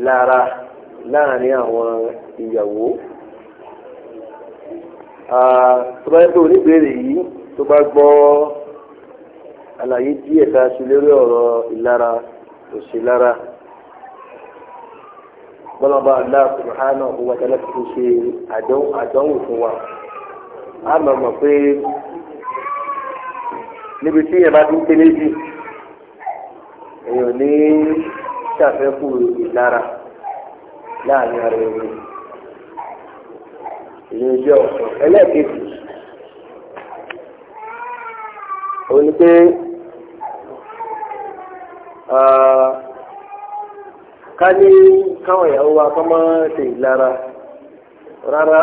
ìlara láàrin àwọn ìyàwó tó bá yẹ pé oníbèrè yìí tó bá gbọ́ àlàyé díẹ̀ tá a ṣe lórí ọ̀rọ̀ ìlara òṣèlára bọ́lọ́ba Allah subhanahu wa ta'ala ti ṣe àdánwò fún wa a mọ̀ mọ̀ pé níbi tí yẹn bá ti ń tẹ́lẹ̀ jù èèyàn ní ṣàfẹ́kù ìlara láàrin ara ẹni ìyẹn jẹ́ ọ̀kan ẹlẹ́ẹ̀kejì òun ni pé ká ní káwọn ìyàwó wa kọ́ máa ṣe ìlara rárá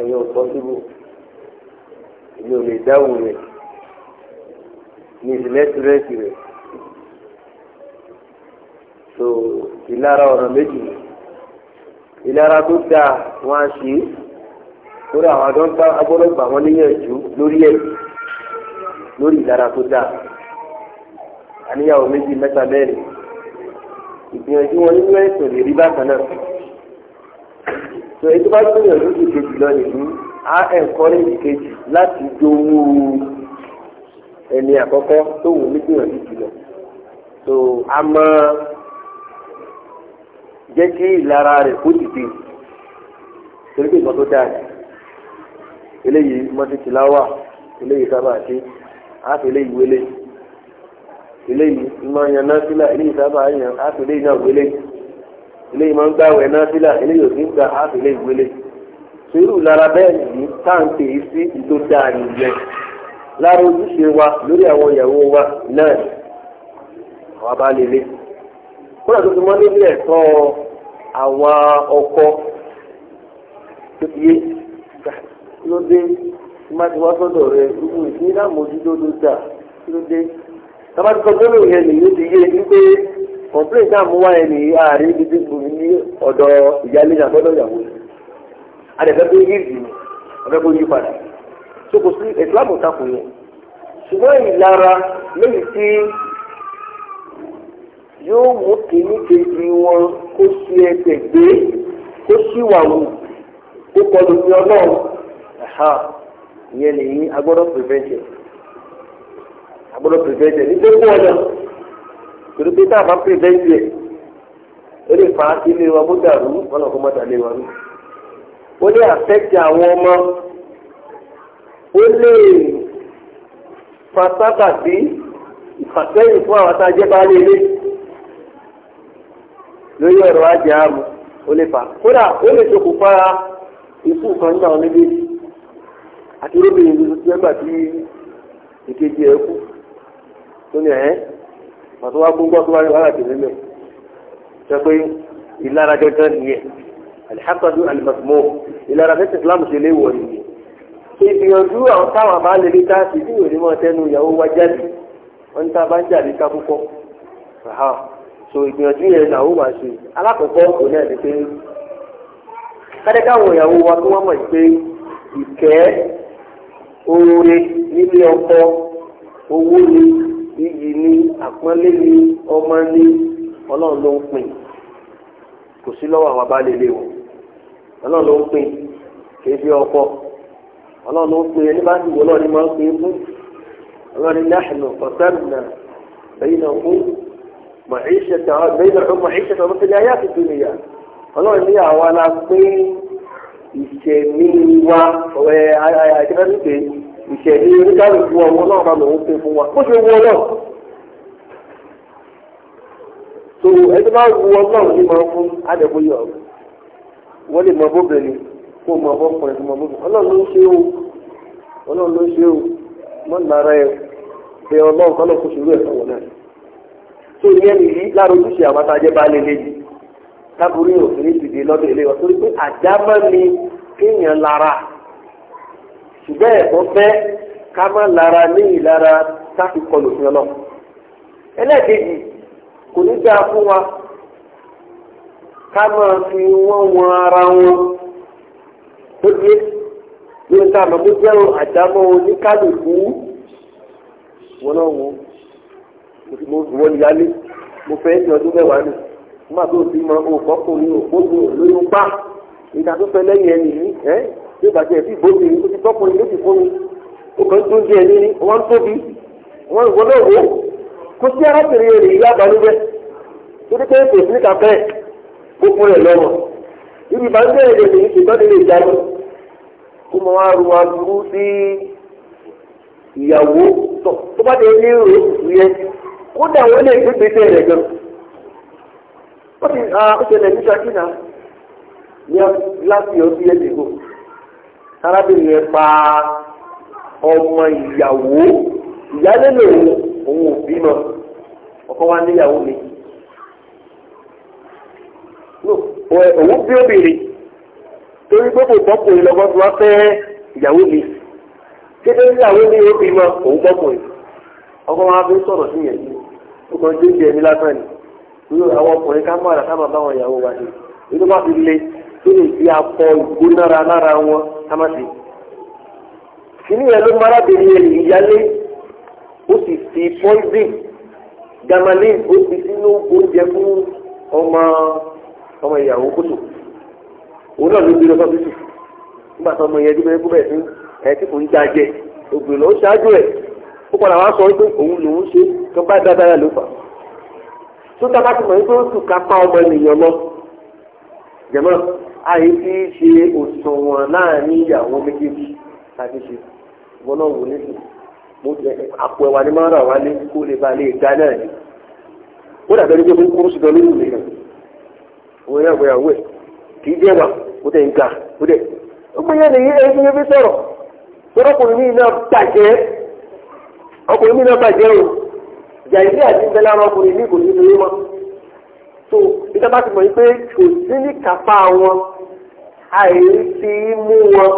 ẹ̀yìn ò pọ́sibú èmi ò lè dáhùn rẹ̀ ní ìsìlẹ́sìrẹ́sì rẹ̀ so ìlara ọ̀ràn méjì ìlara tó dáa wọn á ṣe lórí àwọn adọ́ńtà agbọ́dọ̀gbà wọn níyànjú lórí ẹ̀ lórí ìlara tó dáa àníyàwó méjì mẹ́ta mẹ́rin ìgbìyànjú wọn nínú ẹ̀sùn lè rí bákan náà so èyí tó bá gbìyànjú ti kejì lọ nìyí á ẹ̀ńkọ́rẹ́jì kejì láti dowó ẹni àkọ́kọ́ tó wù mí gbìyànjú jùlọ so a máa. jẹ́ kí ìlara rẹ̀ kó dìde torí pé ìgbọ́n tó dáa ni eléyìí mọ́tìtì eléyìí sábà ṣe àfi eléyìí eléyìí máa yan násílà eléyìí sábà yan àfi eléyìí wélé eléyìí máa ń gbàwẹ̀ násílà eléyìí ò sí ń gbà àfi eléyìí wa lórí àwọn ìyàwó wa náà kódà tó fi mọ́ níbi ẹ̀tọ́ àwọn ọkọ tó ti yé ló dé tí má ti wá sọ́dọ̀ rẹ irú ìpínlẹ̀ àmójútó ló dà kí ló dé tábàtí kọ́ńtínú yẹn nìyí ti yé wípé kọ̀ǹpléǹ tá à mú wá yẹn nìyí ààrẹ ibi tí kò ní ọ̀dọ̀ ìyáálé ní àbọ̀dọ̀ ìyàwó adẹ̀fẹ́ tó yé ìdì ọ̀fẹ́ kó yí padà tó kò sí ẹ̀tọ́ àbòtakùn yẹn ṣùgbọ́n ìlara lẹ́yìn tí yóò mú kìíní kejì wọn kó sí ẹsẹ̀ gbé kó síwà wù kó kọlu ní ọlọ́run ìyẹn nìyí agbọ́dọ̀ pèfẹ́jẹ̀ agbọ́dọ̀ pèfẹ́jẹ̀ ní gbogbo ọ̀nà torí pé tá a bá pèfẹ́jẹ̀ ó lè fa ilé wa bó dàrú wọn lọ kó má dàlé wa rú ó lè àfẹ́tì àwọn ọmọ ó lè fa sábà sí ìfàsẹ́yìn fún àwọn tá a jẹ́ bá lé lé lórí ọ̀rọ̀ ajá àmú ó lè fà kódà ó lè ṣokùnfà ikú kan nínú àwọn méjèèjì àti lóbìnrin tuntun tí wọ́n gbà tí ìkejì ẹ̀ kú tó ní ẹ̀ pàtó wá gbóngbó tó wá ní wàhálà tèmi mẹ́ sọ pé ìlara gẹ́gẹ́ nìyẹn alihakadu alimasumọ ìlara gẹ́gẹ́ Islam ṣe léwọ̀ nìyẹn ìgbìyànjú àwọn táwọn àbá lè rí káàsì tí yóò ní tẹnu ìyàwó wájáde wọn ní tá a bá ń jà ní ká púpọ̀. so ìgbìyànjú yẹn na ó wà ṣe alákọ̀ọ́kọ́ kò náà ni pé kádẹ́káwọn ìyàwó wa kí wọ́n mọ̀ pé ìkẹ́ oore nílé ọkọ owó ni iyì ni àpọ́nlé ni ọmọ ni ọlọ́run ló ń kò sí lọ́wọ́ àwọn ilé wọn ọlọ́run ló ń kì í fi ọkọ ọlọ́run ló ń معيشتها بيدرعوا معيشتها ya الآيات الدنيا ọlọ́run ní àwa la pé ìṣẹ̀mí wa ọ̀rẹ́ àìkẹ́kẹ́ pé ìṣẹ̀mí oníkàlùkù ọmọ náà bá lòun pé fún wa bó ṣe wọ náà tó ẹni bá wu ọlọ́run ní tó yẹ nìyí lára ojúṣe àwọn àtàjẹ́ bá lè lè yìí tábùrú yóò fi ní dìde lọ́dọ̀ ilé wa torí pé àjábá ni kéèyàn lára ṣùgbọ́n ẹ̀kọ́ fẹ́ ká má lára ní ìlara káfí kọlù fún ọ lọ. ẹlẹ́ẹ̀kejì kò ní dáa fún wa ká máa fi wọ́n wọn ara wọn tó dé ní ọ̀sán àmọ́ tó jẹ́rọ àjábọ̀ oníkálùkù wọn náà wọ́n mo ní alé mo fẹ́ ní ọdún mẹ́wàá nù nígbà tó ti mọ òkọ́kùnrin òkóso lóyún pa ìta tó fẹ́ lẹ́yìn ẹni yìí ẹ́ bí ìbàjẹ́ bí ìbòmí ni ó ti tọ́kùnrin ló ti fún mi ó kàn tó ń jẹ ẹni ní wọ́n ń tóbi wọ́n ń wọlé òwò kó sí arábìnrin rẹ̀ ìyá àbálúgbẹ́ tó dé kéré pèsè níta bẹ́ẹ̀ ó fún rẹ̀ lọ́wọ́ ibi ìbàjẹ́ rẹ̀ lè ní ìtọ́ni lè jáde kó mọ wá ru aburú sí ìyàwó tó bá dé ní ròó yẹn kódà wọn lè gbé gbèsè rẹ̀ gan ó ti ó ṣẹlẹ̀ ní sakina ní láti ọdún yẹn dìgbò arábìnrin yẹn pa ọmọ ìyàwó ìyálé lòun òun ò bímọ ọkọ wa níyàwó mi òun bí obìnrin torí pé kò bọ́kùnrin lọ́gbọ́n tí wọ́n fẹ́ ìyàwó mi kéde ìyàwó mi ó bímọ òun bọ́kùnrin ọkọ wa fi sọ̀rọ̀ sí yẹn yìí ó kàn dé ibi ẹ̀mí lásán ni irú àwọn ọkùnrin ká mọ̀ràn ká máa bá wọn ìyàwó wa ṣe èyí tó bá fi le tó lè fi akọ ìgbónára lára wọn ká má ṣe. kìnìún yẹn ló mọ arábìnrin yẹn ìyálé ó sì fi poison gamalin ó fi sínú oúnjẹ fún ọmọ ọmọ ìyàwó kótó òun náà ló gbé sọ́fíìsì nígbà tó ọmọ yẹn dúpẹ́ kú bẹ́ẹ̀ sí ẹ̀ tí kò ń jajẹ ṣáájú ẹ̀ ó padà wá sọ wípé òun lòún ṣe tó bá dáadáa ló fà tó tá a bá ti mọ̀ wípé ó tù ká pa ọmọ ènìyàn lọ jẹ̀mọ́ àyè fi ṣe òṣùwọ̀n láàrin ìyàwó méjèèjì láti ṣe ìwọ náà wò nísìn mo jẹ àpò ẹwà ní máa ń rà wá lé kó lè ba lè ga náà ni ó dàbẹ́ ní pé mo kúrú ṣùgbọ́n lórí ìwé náà òun náà gbé ẹ̀ kì í jẹ́ ó tẹ̀ ń ga ó tẹ̀ ó gbé yẹn nìyí ẹ̀ ń fi yẹn fi sọ̀rọ̀ tọ́lọ́kùnrin yìí náà bàjẹ́ ọkùnrin mi náà bàjẹ́ o jàìlí àti ìbẹ́lẹ́ àwọn ọkùnrin mi kò ní lórí mọ́ tó nígbà bá ti mọ̀ pé kò sí ní kápá wọn àìrí ti mú wọn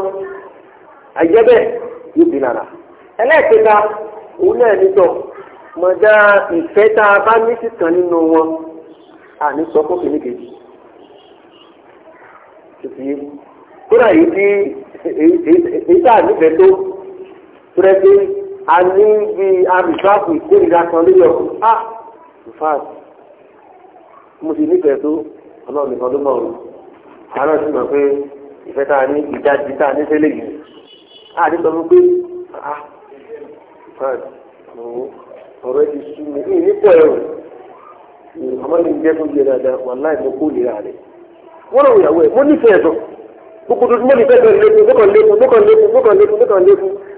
àjẹ́bẹ̀ yóò bí lára ẹlẹ́ẹ̀kẹta òun náà nítọ̀ mọ̀dá ìfẹ́ tá a bá ní sísan nínú wọn àní sọ fún kìnnìkejì kódà yìí tí èyí tá a nífẹ̀ẹ́ tó tó rẹ́ a ní bí abìsáàpù ìkórìíra kan lórí ọ̀hún á ìfáàsì mo sì nífẹ̀ẹ́ tó ọlọ́run nìkan ló mọ̀ ọ́n àárọ̀ sì mọ̀ pé ìfẹ́ tá a ní ìdájí tá a ní sẹ́lẹ̀ yìí ní sọ fún pé ah! ọ̀rọ̀ ti sú mi ní àmọ́ ní ìjẹ́ dáadáa wà láì mọ rẹ̀ wọ́n ìyàwó ẹ̀ mo nífẹ̀ẹ́ gbogbo mọ́ nífẹ̀ẹ́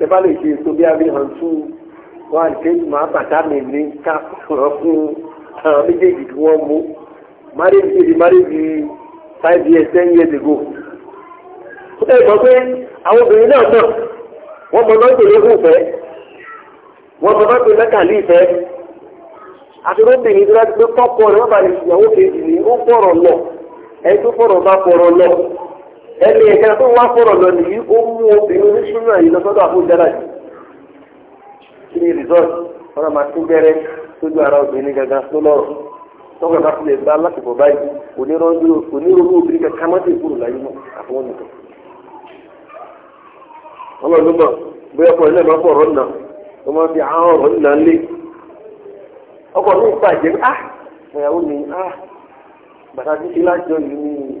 ṣe bá lè ṣe ètò bí abẹ́ hàn tú wọn àti ṣe máa bàtà mi ní ká rọ fún àwọn méjèèjì tí wọ́n mú five years ten years ago. ó tẹ́ ìgbọ́ pé àwọn obìnrin náà náà wọ́n mọ náà gbèrè fún wọ́n mọ náà gbèrè mẹ́kàlí ìfẹ́ àti tó dájú pé kọ́kọ́ rẹ̀ wọ́n bá lè ṣìyàwó kejì ni ó fọ̀rọ̀ lọ ẹ̀ tó fọ̀rọ̀ bá fọ̀rọ̀ lọ. ẹni ẹ̀ka tó wá fọ̀rọ̀ lọ nìyí ó mú obìnrin oníṣúná yìí lọ́sọ́dọ̀ àbújára jù kí ni rìsọ́ọ̀tì wọn máa tún bẹ̀rẹ̀ sójú ara obìnrin gangan tó lọ́rọ̀ tọ́kọ̀ bá tilẹ̀ bá lásìkò báyìí onírúurú obìnrin kankan má ti kúrò láyé mọ́ àfọwọ́n nìkan. wọn lọ lọ́mọ bóyá ọkọ̀ ilé máa fọ̀rọ̀ nà wọ́n máa fi àwọn ọ̀rọ̀ nà lé ọkọ̀ ní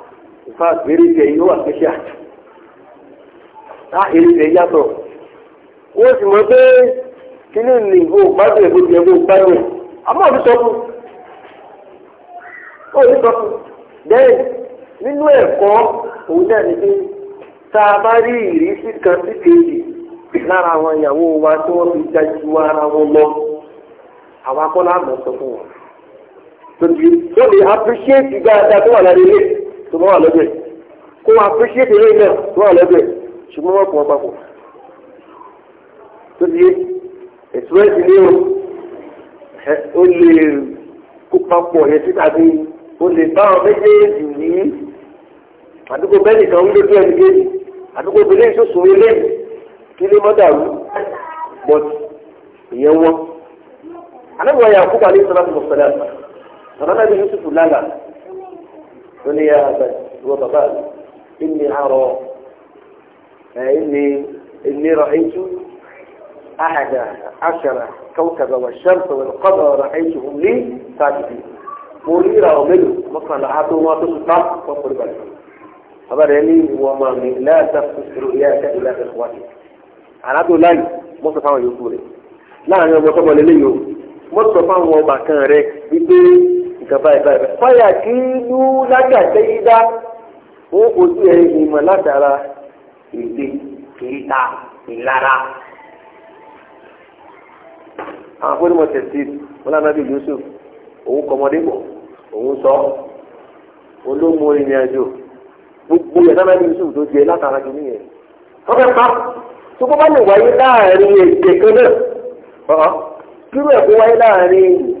in fact erike yìí ó wà pé ṣe yàtọ̀ sì mọ̀ pé kíní ẹgbẹ́ àmọ́ bẹ́ẹ̀ nínú ẹ̀kọ́ òun náà ni pé tá a bá rí ìrísí kan sí kejì lára àwọn ìyàwó wa tí wọ́n fi ara wọn lọ àwọn akọ́lá sọ fún wọn. tó bá wà lọ́dọ̀ ẹ̀ kó wọn appreciate eré náà tó wà lọ́dọ̀ ẹ̀ ṣùgbọ́n wọn kò wọn papọ̀ tó ti express ilé o ó lè kó papọ̀ yẹn síta bí ó lè bá wọn méjèèjì yìí àdúgbò bẹ́ẹ̀ni kan ń lójú ẹni kéjì àdúgbò bẹ́ẹ̀ni ìṣòṣò ilé kí lè mọ́ dàrú but ìyẹn wọn. anábìwọ̀n yà kúkà ní sọ́nà tó mọ̀ sọ́dà sọ́nà náà ní Yusuf lálàá ó ní yára bẹ ìwọ bàbá mi ìní àrọ ìní ìní ràìtú àhàdà àṣàrà kawkaba wà ṣàǹtà wà lọkọdà ràìtú ní sáàtìbì mo rí ra ọmọdé mọkànlá àti wọn tó sùpá wọn kò lè bàbá rẹ ní ìwọ ọmọ mi láàtà kùsùrù ìyá ẹ̀ka ìlà ẹ̀ka wájú àràdó láyé mọ́tò fáwọn yòókù rẹ̀ láàrin ọmọ ọkọ̀ mọ̀lẹ́lẹ́ yòó mọ́tò fáwọn ọba kan rẹ̀ wípé nǹkan báyìí báyìí fáyà kí lú lágbàtẹ́ yí dá wọn kò sí ẹ ìmọ̀ látara èdè kìíta ìlara. àwọn akónímọ̀ tẹ̀sí wọn lànà bí Yusuf òun kọ́mọdé bọ̀ òun sọ olómo ìrìn àjò gbogbo yẹn lànà bí Yusuf tó jẹ látara kìíní yẹn. wọ́n fẹ́ pa tó kọ́ bá lè wáyé láàrin èdè kan náà kí ló ẹ̀kọ́ wáyé láàrin.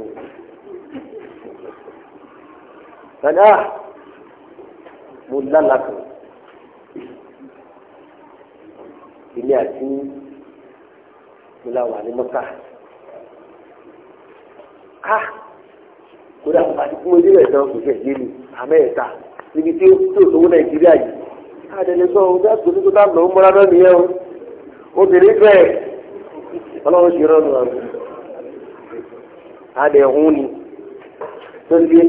tani ah mo lálàá kan ilé àti mo la wà ní mọ́tà ah mo dà àti fún ojú rẹ̀ náà kò fẹ́ yé mi àmẹ́ẹ̀ta níbi tí ó sọ́wọ́ nàìjíríà yìí àdẹ̀lẹ́gbọ́n ọ̀hún bá gbòdúgbò bá lọ́ mọ́ra náà nìyẹn o obìnrin bẹ́ẹ̀ ọlọ́run ti rọrùn àrùn adẹ̀hún ni tó ń gbé.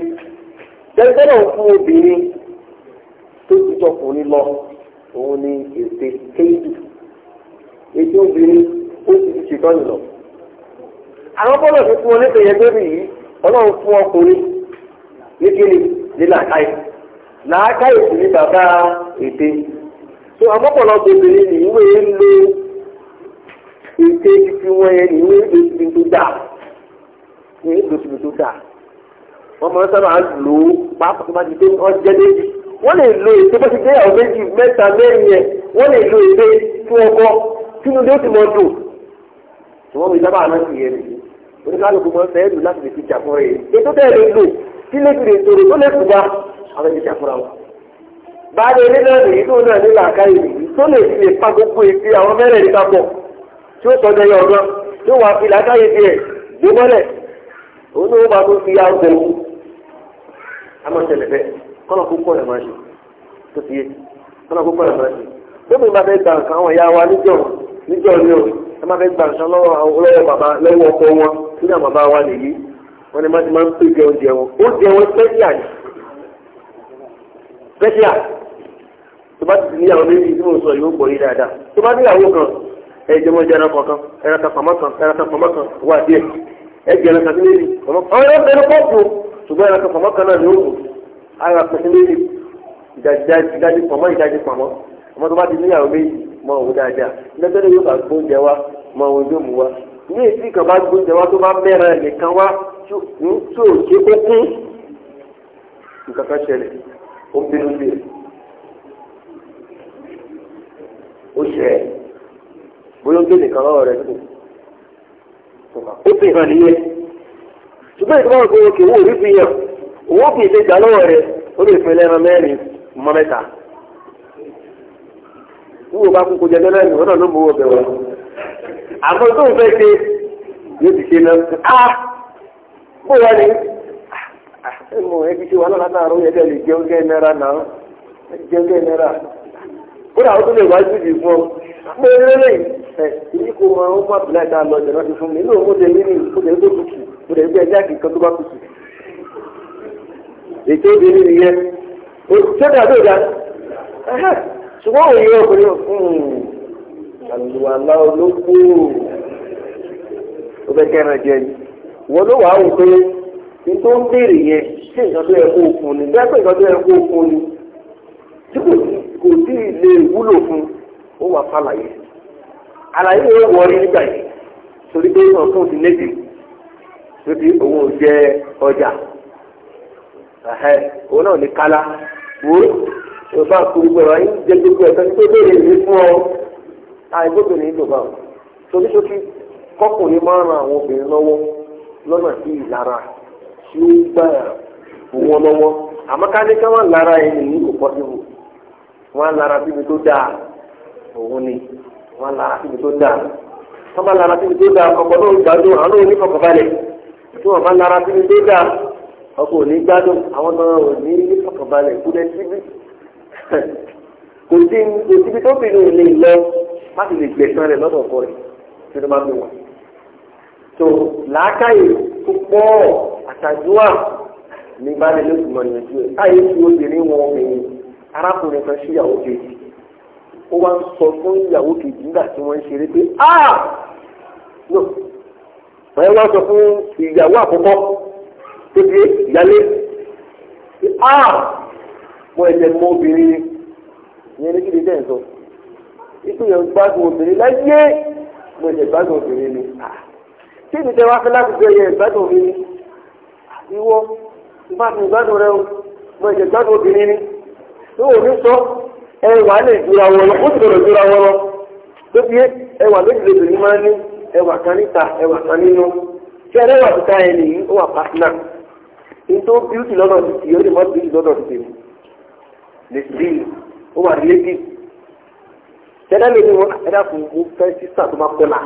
gẹ́gẹ́ náà fún obìnrin tó ti jọkùnrin lọ òun ni ète kéjì ète obìnrin ó ti ti ṣètọ́ ìlọ. àwọn bọ́lá ti fún ọ ní ofu bébì yìí ọlọ́run fún ọkùnrin ní kíni ní làákàyè làákàyè sì ní bàbá ète. tó obìnrin ni ìwé ń lo ète yẹn wọ́n máa ń sábà lò ó pàápàá tó bá ti dé ọjọ́ méjì wọ́n lè lo èso bó ti dé àwọn méjì mẹ́ta mẹ́rin yẹn wọ́n lè lo èso fún ọkọ sínú ló ti mọ dùn ṣùgbọ́n mi sábà máa ń sì yẹn nìyí oníkálukú máa ń fẹ́ lù láti lè fi jà fún rẹ̀ ètò tẹ́ lè lò kí lè fi lè sọ̀rọ̀ tó lè kú bá àwọn ẹni jà fúnra wọn. báyìí orí náà nìyí tó náà nílò àkáyè nìyí tó lè fi lè pa gbogbo èsì àwọn mẹ́rẹ̀ ní papọ̀ tí ó tọ́jú ẹyọ ọ̀gbọ́n tí ó wà fi làákàyè tiẹ̀ gbé mọ́lẹ̀ òun ló máa tó fi àwọn ọ̀gbọ̀n a máa tẹ̀lé fẹ́ kọ́nà kó kọ́ ẹ̀ máa ṣe tó ti yé kọ́nà kó kọ́ ẹ̀ máa ṣe lóbi máa fẹ́ gba nǹkan àwọn ìyá wa níjọ́ níjọ́ ni o ẹ máa fẹ́ gba nǹkan lọ́wọ́ bàbá lọ́wọ́ ọkọ wọn tí náà bàbá wa nìyí wọn ni máa ti máa ń pè jẹ oúnjẹ wọn oúnjẹ wọn spẹ́ṣíà ni spẹ́ṣíà tó bá ti di níyàwó méjì tí mo sọ yìí ó pọ̀ yìí dáadáa tó bá níyàwó kan ẹ̀jẹ̀ mọ́jẹ́ ẹran kọ̀ọ̀kan ẹran kan pàmọ́ kan ẹran kan pàmọ́ kan wà díẹ̀ ẹgbẹ̀rún kan sí méjì ọ̀rọ̀ bẹ̀rẹ̀ pọ̀pù ṣùgbọ́n ẹ̀rọ kan pamọ́ kan náà ni ó kù ara pẹ̀ sí méjì ìdájí pamọ́ ìdájí pamọ́ ọmọ tó bá ti níyàwó méjì mọ òun dáadáa lẹ́tọ́lẹ́ yóò bá gbóúnjẹ wa mọ òun yóò mú wa ní èsì kan bá gbóúnjẹ wa tó bá mẹ́rẹ̀ nìkan wá tí o ṣe kó kún nǹkan kan ṣẹlẹ̀ ó ń bínú sí ẹ̀ ó ṣẹ̀ bóyá ó gbé nìkan lọ́wọ́ rẹ̀ tó ó fi hàn nìyẹn ṣùgbọ́n ìgbà wọn kò kì í wò rí fi hàn owó kì í ṣe gbà lọ́wọ́ rẹ ó lè fẹ́ lẹ́ran mẹ́rin mọ́ mẹ́ta wúwo bá kúkú jẹ náà ló owó àmọ́ tó ń fẹ́ ṣe ti ṣe náà á bó ẹbí ṣe wà náà ẹ èyí kò mọ ọmọ abdullahi tá a lọ jẹ náà ti fún mi inú òun lè rí mi kó lè gbé tutù kó lè gbé ẹjẹ àkè kan tó bá tutù ètò ìbílí nìyẹn òṣèlú àdóòdà ṣùgbọ́n òye ọkùnrin àlùwàlá olóko ó fẹ́ kẹ́ran jẹ ni wọ́n ló wàá wò pé ní tó ń béèrè yẹn sí nǹkan tó yẹ kó fún ni bẹ́ẹ̀ pé nǹkan tó yẹ kó fún ni tí kò sí kò sí ilé ìwúlò fún ó wà fàlàyé. ala wo wọ orí nígbà yìí torí pé wọn kò sí lébi owó jẹ ọjà òun náà ní wo bá ayé ẹ̀ka tó yìí fún ọ àìgbógbò ní ìlú báwọn torí kọkùnrin máa ń ran àwọn obìnrin lọ́wọ́ lọ́nà sí ìlara tí ó gbà wọn lọ́wọ́ àmọ́ káni ká ní kò pọ́sibú wọn lára síbi tó dáa wọn bá lára síbi tó dáa ọkọ náà gbádùn àwọn náà ní kọkànbalẹ̀ tí wọn bá lára síbi tó dáa ọkọ ò ní gbádùn àwọn náà ò ní ní kọkànbalẹ̀ kúlẹ̀ síbi kò sí kò síbi tó fi lè lè lọ láti lè gbẹ̀sán rẹ̀ lọ́dọ̀ ọkọ rẹ̀ tí wọ́n bá fi wọ̀ tó làákàyè púpọ̀ àtàdúrà ní balẹ̀ lóṣù mọ̀ nìyẹn tó yẹ káyé tí obìnrin wọn obìnrin arákùnrin kan ṣíyàwó kejì ó wá ń sọ fún ìyàwó kejì nígbà tí wọ́n ń ṣeré pé ah no wọ́n yẹn wá sọ fún ìyàwó àkọ́kọ́ tó ti ìyálé pé ah mo ẹ̀jẹ̀ mọ obìnrin yẹn ní kí ni dẹ́ ń sọ ikú yẹn gbádùn obìnrin láyé mo ẹ̀jẹ̀ gbádùn obìnrin ni ah! kí ni tẹ wá fẹ́ láti gbé ẹ̀yẹ ìgbádùn mi ni ah! ìwọ ìbátan ìgbádùn rẹ o mo ẹ̀jẹ̀ gbádùn obìnrin ni tó o sọ ẹwà lè dúra wọn lọ ó sì gbọdọ̀ dúra wọn lọ tó fi ẹwà méjìlélẹ̀ ní máa ní ẹwà kan níta ẹwà kan nínú tí ẹ lẹ́wà títa ẹ nìyí ó wà pàtínà nítorí bíútì lọ́dọ̀ títì ó lè mọ́ bíútì lọ́dọ̀ títì lè sí ó wà lébi tẹ́lẹ̀ lè ní wọn ẹ̀dá fún un fẹ́ sísà tó máa kọ́là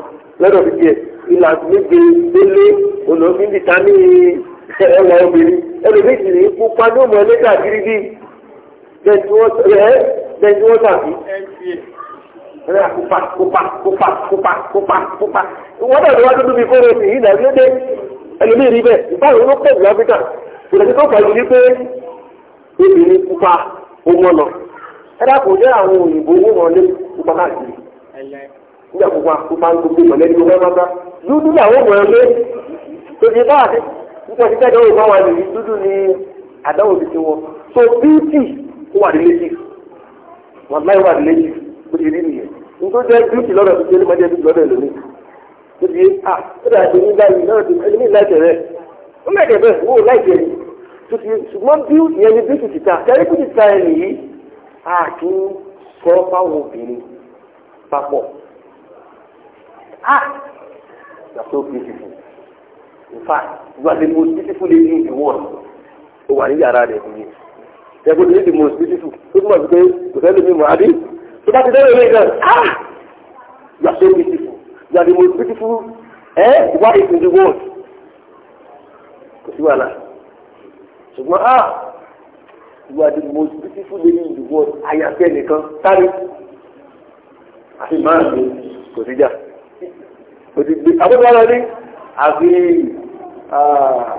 lọ́dọ̀ títì ẹ̀ ìlà méje délé olóògbé tani ẹwà obìnrin ẹlòmíjì ní pupa ní òmò ẹlẹ́gàdìrì bíi lẹ́yìn tí wọ́n tàbí ẹ̀rẹ́ kópa kópa kópa kópa kópa kópa wọ́n wá bí sí ẹlòmíì rí bẹ́ẹ̀ ló pẹ̀lú áfíríkà tó fà yìí pé pupa lọ jẹ́ àwọn òyìnbó wọn lé pupa káàkiri nígbà pupa pupa ń gbogbo ìmọ̀lẹ́ ní gbogbo ẹ̀rọ dúdú làwọn ọmọ ẹgbẹ́ tòbí dúdú ni àdáwò ti ti so bíútì wà nílé wọn láì wà lẹ́yìn bó ti rí nìyẹn nítorí jẹ́ dúkì lọ́dọ̀ tó jẹ́ lọ́dọ̀ tó lọ́dọ̀ lónìí tó ti à ó dà bí nígbà yìí náà ẹni ní láìpẹ́ rẹ̀ ó mẹ́kẹ̀ bẹ́ẹ̀ wò láìpẹ́ yìí tó ti ṣùgbọ́n bí ìyẹn ni dúkì ti ta kẹ́rí kú ti ta ẹ̀ nìyí a kì í sọ fáwọn obìnrin papọ̀ a yàtọ̀ beautiful in fact you are the most beautiful lady in the world ó wà ní yàrá rẹ̀ nìyẹn ẹgbẹ́ ní the most beautiful tó túmọ̀ sí pé kò sẹ́ni mi mọ̀ àbí tó bá ti dẹ́rẹ́ ilé gan ah you are so beautiful you are the most beautiful eh wife in the world kò sí wàhálà ṣùgbọ́n ah you are the most beautiful lady in the world àyàfẹ́ nìkan sáré àti máa ń kò sí jà kò sí gbé àbúrò wọn ní àfi ah!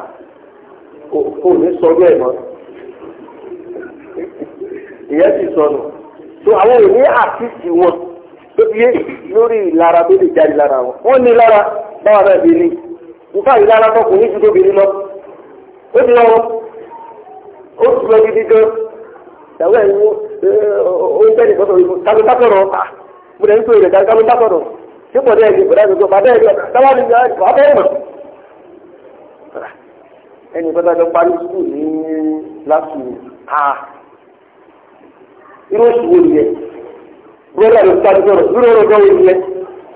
kò ní sọ bẹ́ẹ̀ mọ́. ìyẹn sì sọnù tó àwọn ìní àtìsí wọn tó fi yé lórí ìlara tó lè jáde lára wọn wọn ní lára báwa bí ní ìlara ní ju tóbi ní lọ ó ti lọ ó ti lọ gidi gan ìyàwó ó ń bẹ́ẹ̀ dákọ̀rọ̀ mo lè ń dákọ̀rọ̀ ṣé pọ̀ dẹ́ẹ̀ ni bọ̀dá mi gbọ́ bàbá ẹ̀ ni bàbá mi bàbá ẹ̀ mọ̀ irú oṣù wo nìyẹn bọ́lá ló sáré sọ̀rọ̀ irú ọ̀rọ̀ wo nìyẹn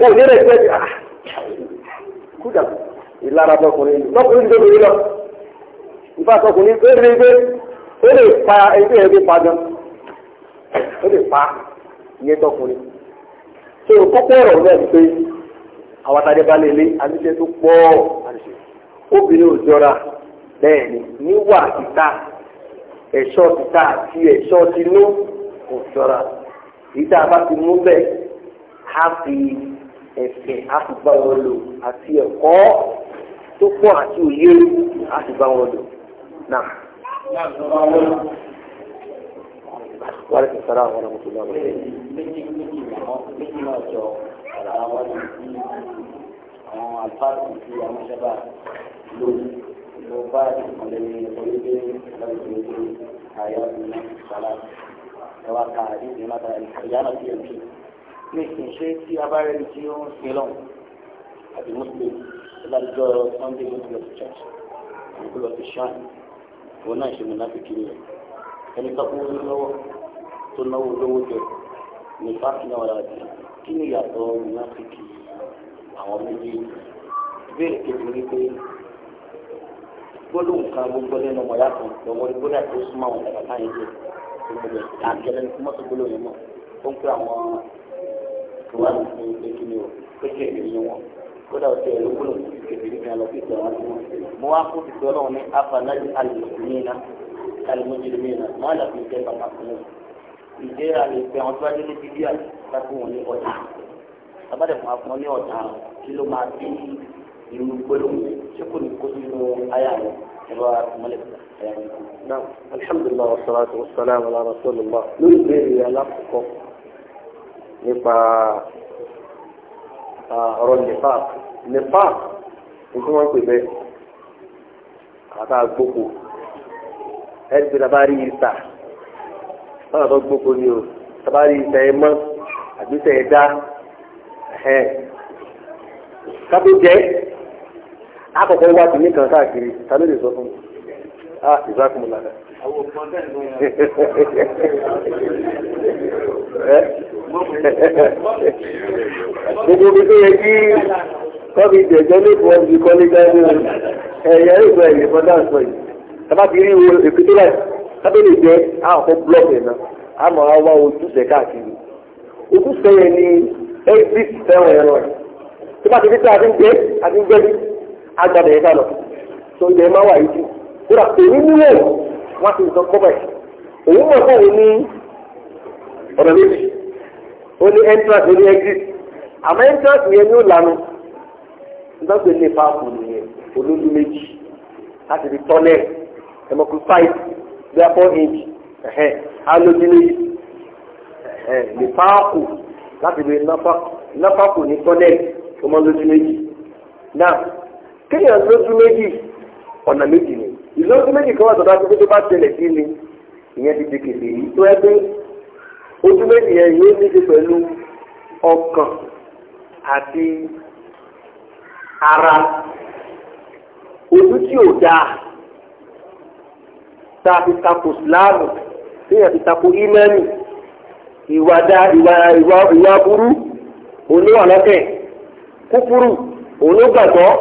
ó ní rẹ̀ fẹ́ ah, kúdà ìlara tọkùnrin ni tọkùnrin tó lórí ndị nípa tọkùnrin tó lórí pé ó kò ṣọ́ra ìdá bá ti mú bẹ́ẹ̀ á fi ẹ̀sìn á fi bá wọn lò àti ẹ̀kọ́ tó pọ̀ àti òye á fi bá wọn lò náà. ẹ̀wà ká àdéhùn má dára ìyá náà ti ẹ̀mí ní ìṣe tí a bá rẹ̀ ní tí ó ń sin lọ́wọ́ àti muslim lọ́jọ́ sunday ló ti lọ sí church àti lọ sí shrine òun náà ṣe múná kékeré rẹ̀ ẹni tó kún lọ́wọ́ tó náwó lówó jẹ ní fásitì náà wà láti kí ni ìyàtọ̀ múná kékeré àwọn méjì ìbéèrè kejì ní pé gbólóhùn kan gbogbo nínú ọmọ yàtọ̀ lọ́wọ́ gbólóhùn àti ó súnmọ́ àwọn ìdàgbàsá yẹn jẹ́ gbogbo àgẹlẹ ní mọ́tò gbólóhùn yẹn mọ́ ó ń pè àwọn ìwádìí fún ẹgbẹ́ mi o kékeré mi ni wọn kódà ó ti ẹ̀rọ gbólóhùn kékeré mi àlọ́ sí ìtọ́ àwọn tí wọ́n ti mọ wá fún ìtọ́ ọlọ́run ní afanájú alìmọ̀jìlímìnà alìmọ̀jìlímìnà máa dàbí ìjẹ́ bàbá fún mi ìjẹ́ àlè pé àwọn tó bá dé ní bíbí àlè kápẹ́ wọn ní ọ̀tá abáde fún afọ ní ọ̀tá kí ló máa bí irú gbólóhùn yẹn kò ní kó sínú ayà rẹ̀ ẹ̀rọ àtúmọ̀lẹ́sẹ̀ náà alhamdulilah wa salatu wa salam ala rasulillah lórí ìbéèrè alákòókò nípa ọ̀rọ̀ nipap nipap nǹkan wọn pè bẹ́ẹ̀ àtà gbogbo ẹni tí tabari yìí ta báwọn tó gbogbo ni o tabari yìí ta ẹ mọ àbí tẹ ẹ dá ẹ kábíjẹ àkọ́kọ́ wá sí nìkan káàkiri tàbí lè sọ fún mi. a jazakum gbogbo bí tó yẹ kí kọ́bí ìjẹ̀jọ́ lè fọ́ ibi kọ́lé jáde ẹ̀yà ìgbà ẹ̀yẹ fọ́ dáǹsọ̀ yìí tàbá ti rí ìwé èkúté láì tábìlì jẹ́ àkọ́ blọ́ọ̀kì náà a mọ̀ á wá ojúṣe káàkiri ojúṣe yẹn ni exit fẹ́ràn ẹ̀rọ tó bá ti rí pé a ti ń gbé a ti ń gbé agbada yẹn lọ tó yẹ má wà yìí jù. kódà èmi níwò wọn ti sọ kọ́bẹ̀ òun mọ̀ fún ní ọ̀nà méjì ó ní entrance ó ní exit àmọ́ entrance yẹn ní ó lanu ní páàpù nìyẹn olójú méjì láti fi tọ́lẹ̀ ẹ̀mọ́kú five bí a four inch ẹ̀hẹ́n alójú méjì ẹ̀hẹ́n ní páàpù láti fi náfàkù ní tọ́lẹ̀ ọmọ lójú méjì náà kéèyàn lójú méjì ọ̀nà méjì ni. ṣùgbọ́n tí méjì kan wà tọ́lá pé tó bá tẹlẹ̀ sí ni ìyẹn ti di kèké yìí tó ẹ pé ojú méjì yẹn yóò ní ṣe pẹ̀lú ọkàn àti ara ojú tí ò dáa tá a fi tako síláàmù tí a fi tako ímẹ́nì ìwà dá ìwà ìwà ìwà burú òun ló wà lọ́kẹ̀ kúkúrú òun ló gbàgbọ́.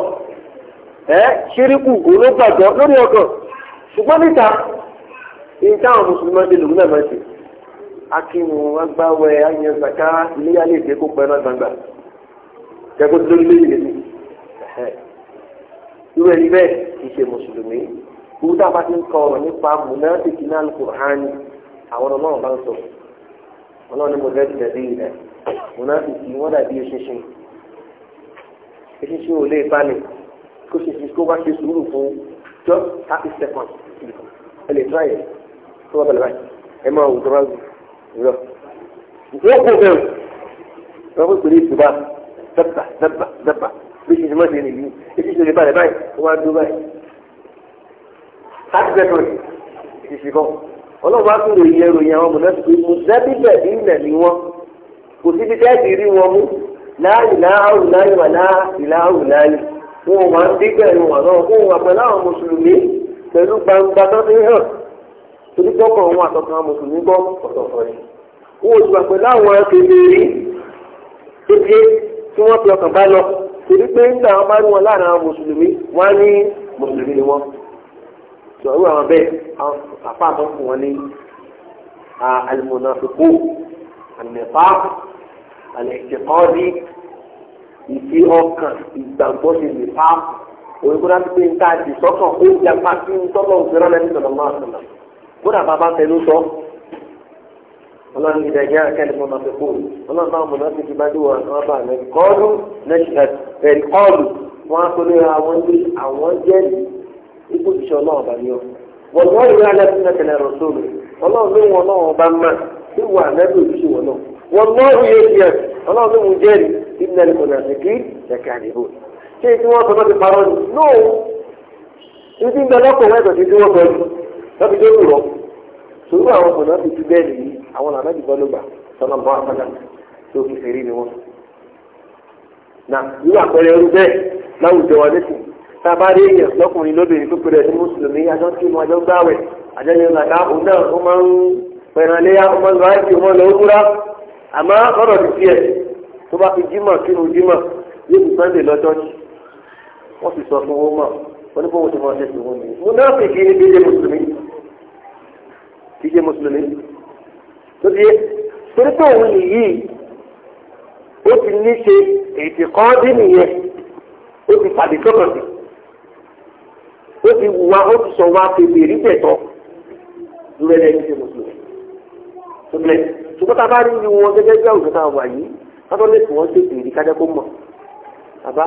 ẹ ṣíríkù olóògbàjọ lórí ọkàn ṣùgbọ́n níta ìta àwọn mùsùlùmí ṣe náà máa ṣe akínwó agbáwẹ ayan zaka iléyà lè dé kó gbangba jẹ́kó tó lórí lórí lèmi irú ẹni bẹ́ẹ̀ kì í ṣe mùsùlùmí kúrú tá a bá ti ń kọ ọ̀rọ̀ nípa mùnáfíkì náà Al-Qur'ani àwọn ọmọ ọba ń sọ kó ṣe fi kó bá ṣe sùúrù fún just thirty seconds ẹ lè try ẹ tó bá bẹ̀rẹ̀ báyìí ẹ máa wù tó bá wù lọ. wọ́n kò bẹ̀rù wọ́n kò pèrè ìtura dábà dábà dábà bí ṣe ti mọ̀ sí ẹni yìí èyí ṣe lè balẹ̀ báyìí wọ́n máa dúró báyìí. thirty seconds èyí ṣe kọ́ ọlọ́run á tún lè yẹ ìròyìn àwọn mọ̀lẹ́bí mọ̀lẹ́bí bẹ̀bí ilẹ̀ ni wọ́n kò síbi tẹ́ẹ̀tì rí wọn mú láàyè láàrú láàyè wà láàyè láàrú láàyè wọn wà ń dígbẹ̀ ìwà náà wọn wà pẹ̀lú àwọn mùsùlùmí pẹ̀lú gbangba tó fi hàn torí gbọ́kàn wọn àtọkàn mùsùlùmí gbọ́ ọ̀tọ̀ọ̀tọ̀ yìí wọn ò sì wà pẹ̀lú àwọn kékeré kékeré tí wọ́n fi ọkàn bá lọ torí pé nígbà wọn bá rí wọn láàrin àwọn mùsùlùmí wọn á ní mùsùlùmí ni wọn sọ̀rọ̀ àwọn bẹ́ẹ̀ àpá àtọ́ fún wọn ní al-munafiqun an ìfi ọkàn ìgbàgbọ́ ṣe lè fa òun kó dájú pé nǹkan àti sọ́kàn ó jà pa kí n tọ́lọ̀ òṣèré lẹ́nu sọ̀rọ̀ máa sọ̀rọ̀ kódà bàbá fẹnu sọ ọlọ́run ìdá ìyá akẹ́lẹ́ mọ́ máa fi kú ọlọ́run báwọn mọ̀nà ti fi bá dé wọn àwọn bá rẹ̀ kọ́ọ̀lù rẹ̀ kọ́ọ̀lù wọn á kó lé àwọn ní àwọn jẹ́rìí ikú ìṣọ́ náà bá yọ. wọ́n wọ́n ìlú alẹ́ fún ẹ̀kẹ́lẹ́ rọ̀ sóòlù ọlọ́run ló wọn náà wọn bá ń mọ̀ والله يشهد الله لم يجري إن المنافقين لكاذبون شيء في وصفة القرآن نو يدين a هذا في وصفة هذا في وصفة سورة àwọn ọ̀nà ti bẹ́ẹ̀ nìyí àwọn ànábì bọ́ na gbà sọ́nà bọ́ àpàdà tó fi fèrè ni wọ́n. nà irú àpẹẹrẹ irú bẹ́ẹ̀ láwùjọ wa lẹ́sìn tá a bá rí èèyàn lọ́kùnrin lóbìnrin tó pèrè ní mùsùlùmí àjọ tí mo àjọ àmọ́ ọ̀rọ̀ ti tiẹ̀ tó bá fi jímọ̀ sínú jímọ̀ yóò fi sunday lọ church wọ́n sì sọ fún wọn mọ̀ wọ́n ní bó wọ́n ti máa ṣe sí wọn nìyí. mo náà fi kí ni díje mùsùlùmí díje mùsùlùmí tó torí pé òun nìyí ó ti ní ṣe ètè kan dín nìyẹn ó ti pàdé sọ́kàn sí ó ti wà ó ti sọ wá pèpè rí tẹ̀tọ́ lórí ẹni tí mo sùn tó ṣùgbọ́n tá a bá rí ni wọn gẹ́gẹ́ bí àwùjọ tá a wà yìí kátó lè fún wọn ṣe èrè kájẹ́ kó mọ̀ bàbá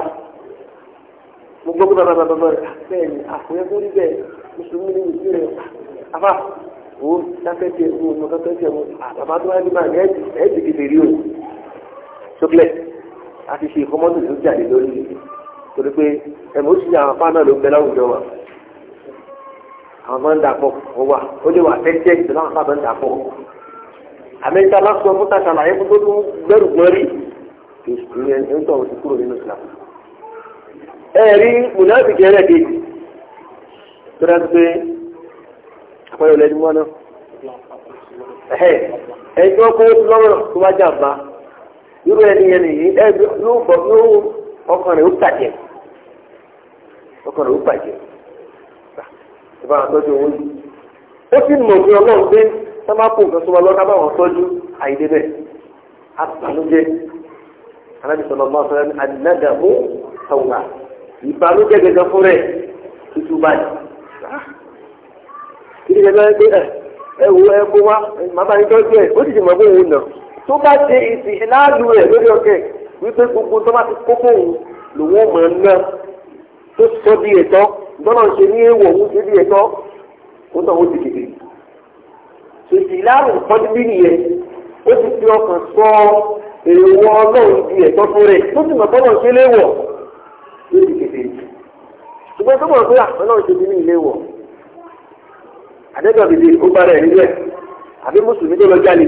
mo gbọ́ pé bàbá bàbá rẹ̀ bẹ́ẹ̀ ni àfọyẹ́ tó rí bẹ́ẹ̀ mùsùlùmí ni ìdí rẹ̀ àbá òun dákẹ́ tiẹ̀ fún òun kọ́kẹ́ tiẹ̀ fún bàbá tó wá ní báyìí ẹ̀ ti kéde rí o sókèlè a ti ṣe ìfọmọ́tò tó jáde lórí torí pé ẹ̀mí ó sì àwọn àwọn máa ń dà pọ̀ wọ́n wà ó lè wà tẹ́tẹ́ ìdílé àwọn fáánà ń dà pọ̀ àmẹ́ríkà máa sọ fún tàṣà láyé tó tún gbẹ́rù gbọ́n rí ìyẹn ń tọ̀ ti kúrò nínú islam. ẹ rí mùnàfíkì ẹ̀rẹ́ kejì tó pé àpẹẹrẹ ọ̀lẹ́ni wọn náà ẹ̀yìn tí wọ́n kó owó lọ́rọ̀ tó bá irú ẹni yẹn nìyí ẹ yóò bọ̀ sábà kó nǹkan sọ́wọ́ lọ́dá báwọn tọ́jú àìdè bẹ́ẹ̀ àtàlójẹ́ alábìsọ̀lọ́ máa sọ ẹni àdínádàbò tọ̀wà ìbàlójẹ́ gẹ́gẹ́ fún rẹ̀ tútù báyìí. kí ni bẹ́ẹ̀ bẹ́ẹ̀ bẹ́ẹ̀ ẹ wo ẹ kó wá màmá yín tọ́jú ẹ̀ ó sì ti mọ̀ bó òun nà tó bá ṣe ìsìn láàlú rẹ̀ lórí ọ̀kẹ́ wípé gbogbo tó bá ti kókó òun lòun ò mọ̀ ná tó sọ bí ẹ̀tọ́ gbọ́dọ̀ ṣe ní èèwọ̀ òun ṣe bí ẹ̀tọ́ ó náà ó ti kékeré tòsí láàrùn kọ́dúbí nìyẹn ó ti fi ọkàn sọ èrò ọlọ́run di ẹ̀tọ́ fún rẹ̀ tó sì mọ̀ tọ́lọ̀ ṣe léwọ̀ ló ti kéde ṣùgbọ́n tó mọ̀ pé ọlọ́run ṣe ti ní ilé wọ̀ àdẹ́gbà bèbè ó bá rẹ̀ nílẹ̀ àbí mùsùlùmí tó lọ jáde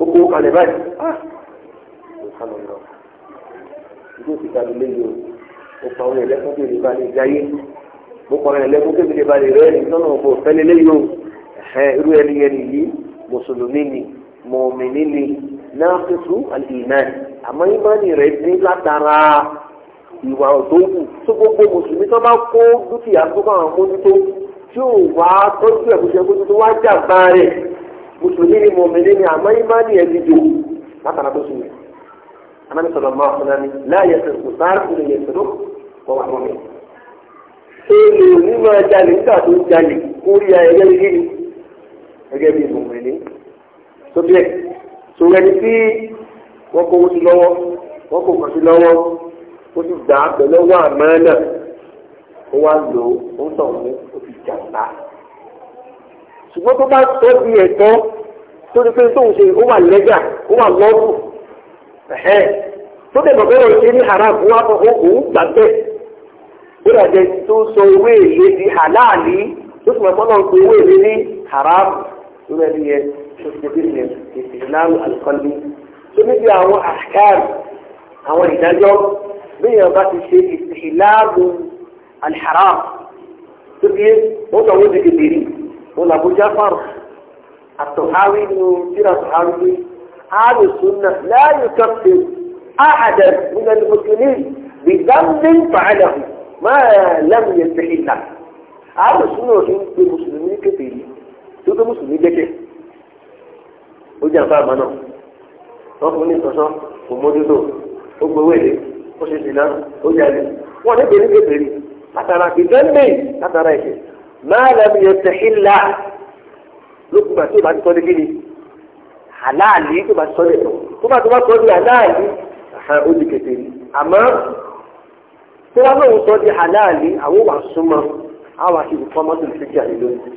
ó kó kalẹ̀ báyìí ìdí òsì tàbí lẹ́yìn o ó pa orí ẹ̀lẹ́kùn tó lè ba lè jáyé ó pa orí ẹ̀lẹ́kùn tó lè ba lè rẹ́ẹ̀lì lọ́nà òbò fẹ́lẹ́ irú ẹni yẹn nìyí mùsùlùmí ni mùmìnì ni náfíìsù al-iman àmọ́ ìmánì rẹ̀ dín látara ìwà tó wù tó gbogbo mùsùlùmí tó bá kó dúkìá tó bá wọn mójútó tí ò wá tọ́jú ẹ̀ bóṣe mójútó wá jà bá rẹ̀ mùsùlùmí ni mùmìnì ni àmọ́ ìmánì ẹ̀ dìdò látara tó sùn yẹn annabi sallallahu alaihi wasallam la yasriqu sarqu li yasriq wa huwa mu'min ṣé lè ní máa jalè nígbà tó jalè kórí ayẹyẹ yìí gẹ́gẹ́ bí ìbùkún ní sóbí ẹ̀ sórí ẹni tí wọ́n kó owó sí lọ́wọ́ wọ́n kó nǹkan sí lọ́wọ́ ó sì gbà á pẹ̀lú ọwọ́ àmọ́ náà ó wá lò ó ń tàn mú ó fi jàǹbá ṣùgbọ́n tó bá tó di ẹ̀tọ́ tó ní pé tóun ṣe ó wà lẹ́jà ó wà lọ́rù tó dẹ̀ bẹ́ẹ̀ ṣe ní haram wọn kọ òun gbà bẹ́ẹ̀ ó dàjẹ́ tó sọ owó èlé di halali tó sì mọ̀ mọ́ náà owó èlé ní haram. سنبي سنبي استجنام القلب سنبي هو أحكام هو ينجم من يضاك الشيء استحلاب الحرام سنبي هو تعود كبيري هو أبو جفر التحاوي سيرا تحاوي هذا السنة لا يكفر أحدا من المسلمين بذنب فعله ما لم يستحل هذا السنة في المسلمين كثيرين tó tó mùsùlùmí gbẹ́kẹ̀ ó jẹ́ àbá àmàna wọ́n fún ní sọ́sọ́ kò mójútó ó gbowó èlé ó ṣe ṣìnà ó jalè wọ́n ní bèrè bèrè látara ìdánimẹ̀ látara ẹ̀ṣẹ̀ máa lẹ́nu yẹn tẹ̀sín la lókùnbà tí o bá ti sọ ní kíni aláàlí tó bá ti sọ ní ẹ̀tọ́ tó bá tó bá sọ ní aláàlí ó di kẹ̀kẹ́ ni àmọ́ tí wọ́n lóun sọ ní aláàlí àwọn wà súnmọ́ àwọn àti ìfọ́mọ́tò ìfẹ́kẹ́ àlè lónìí.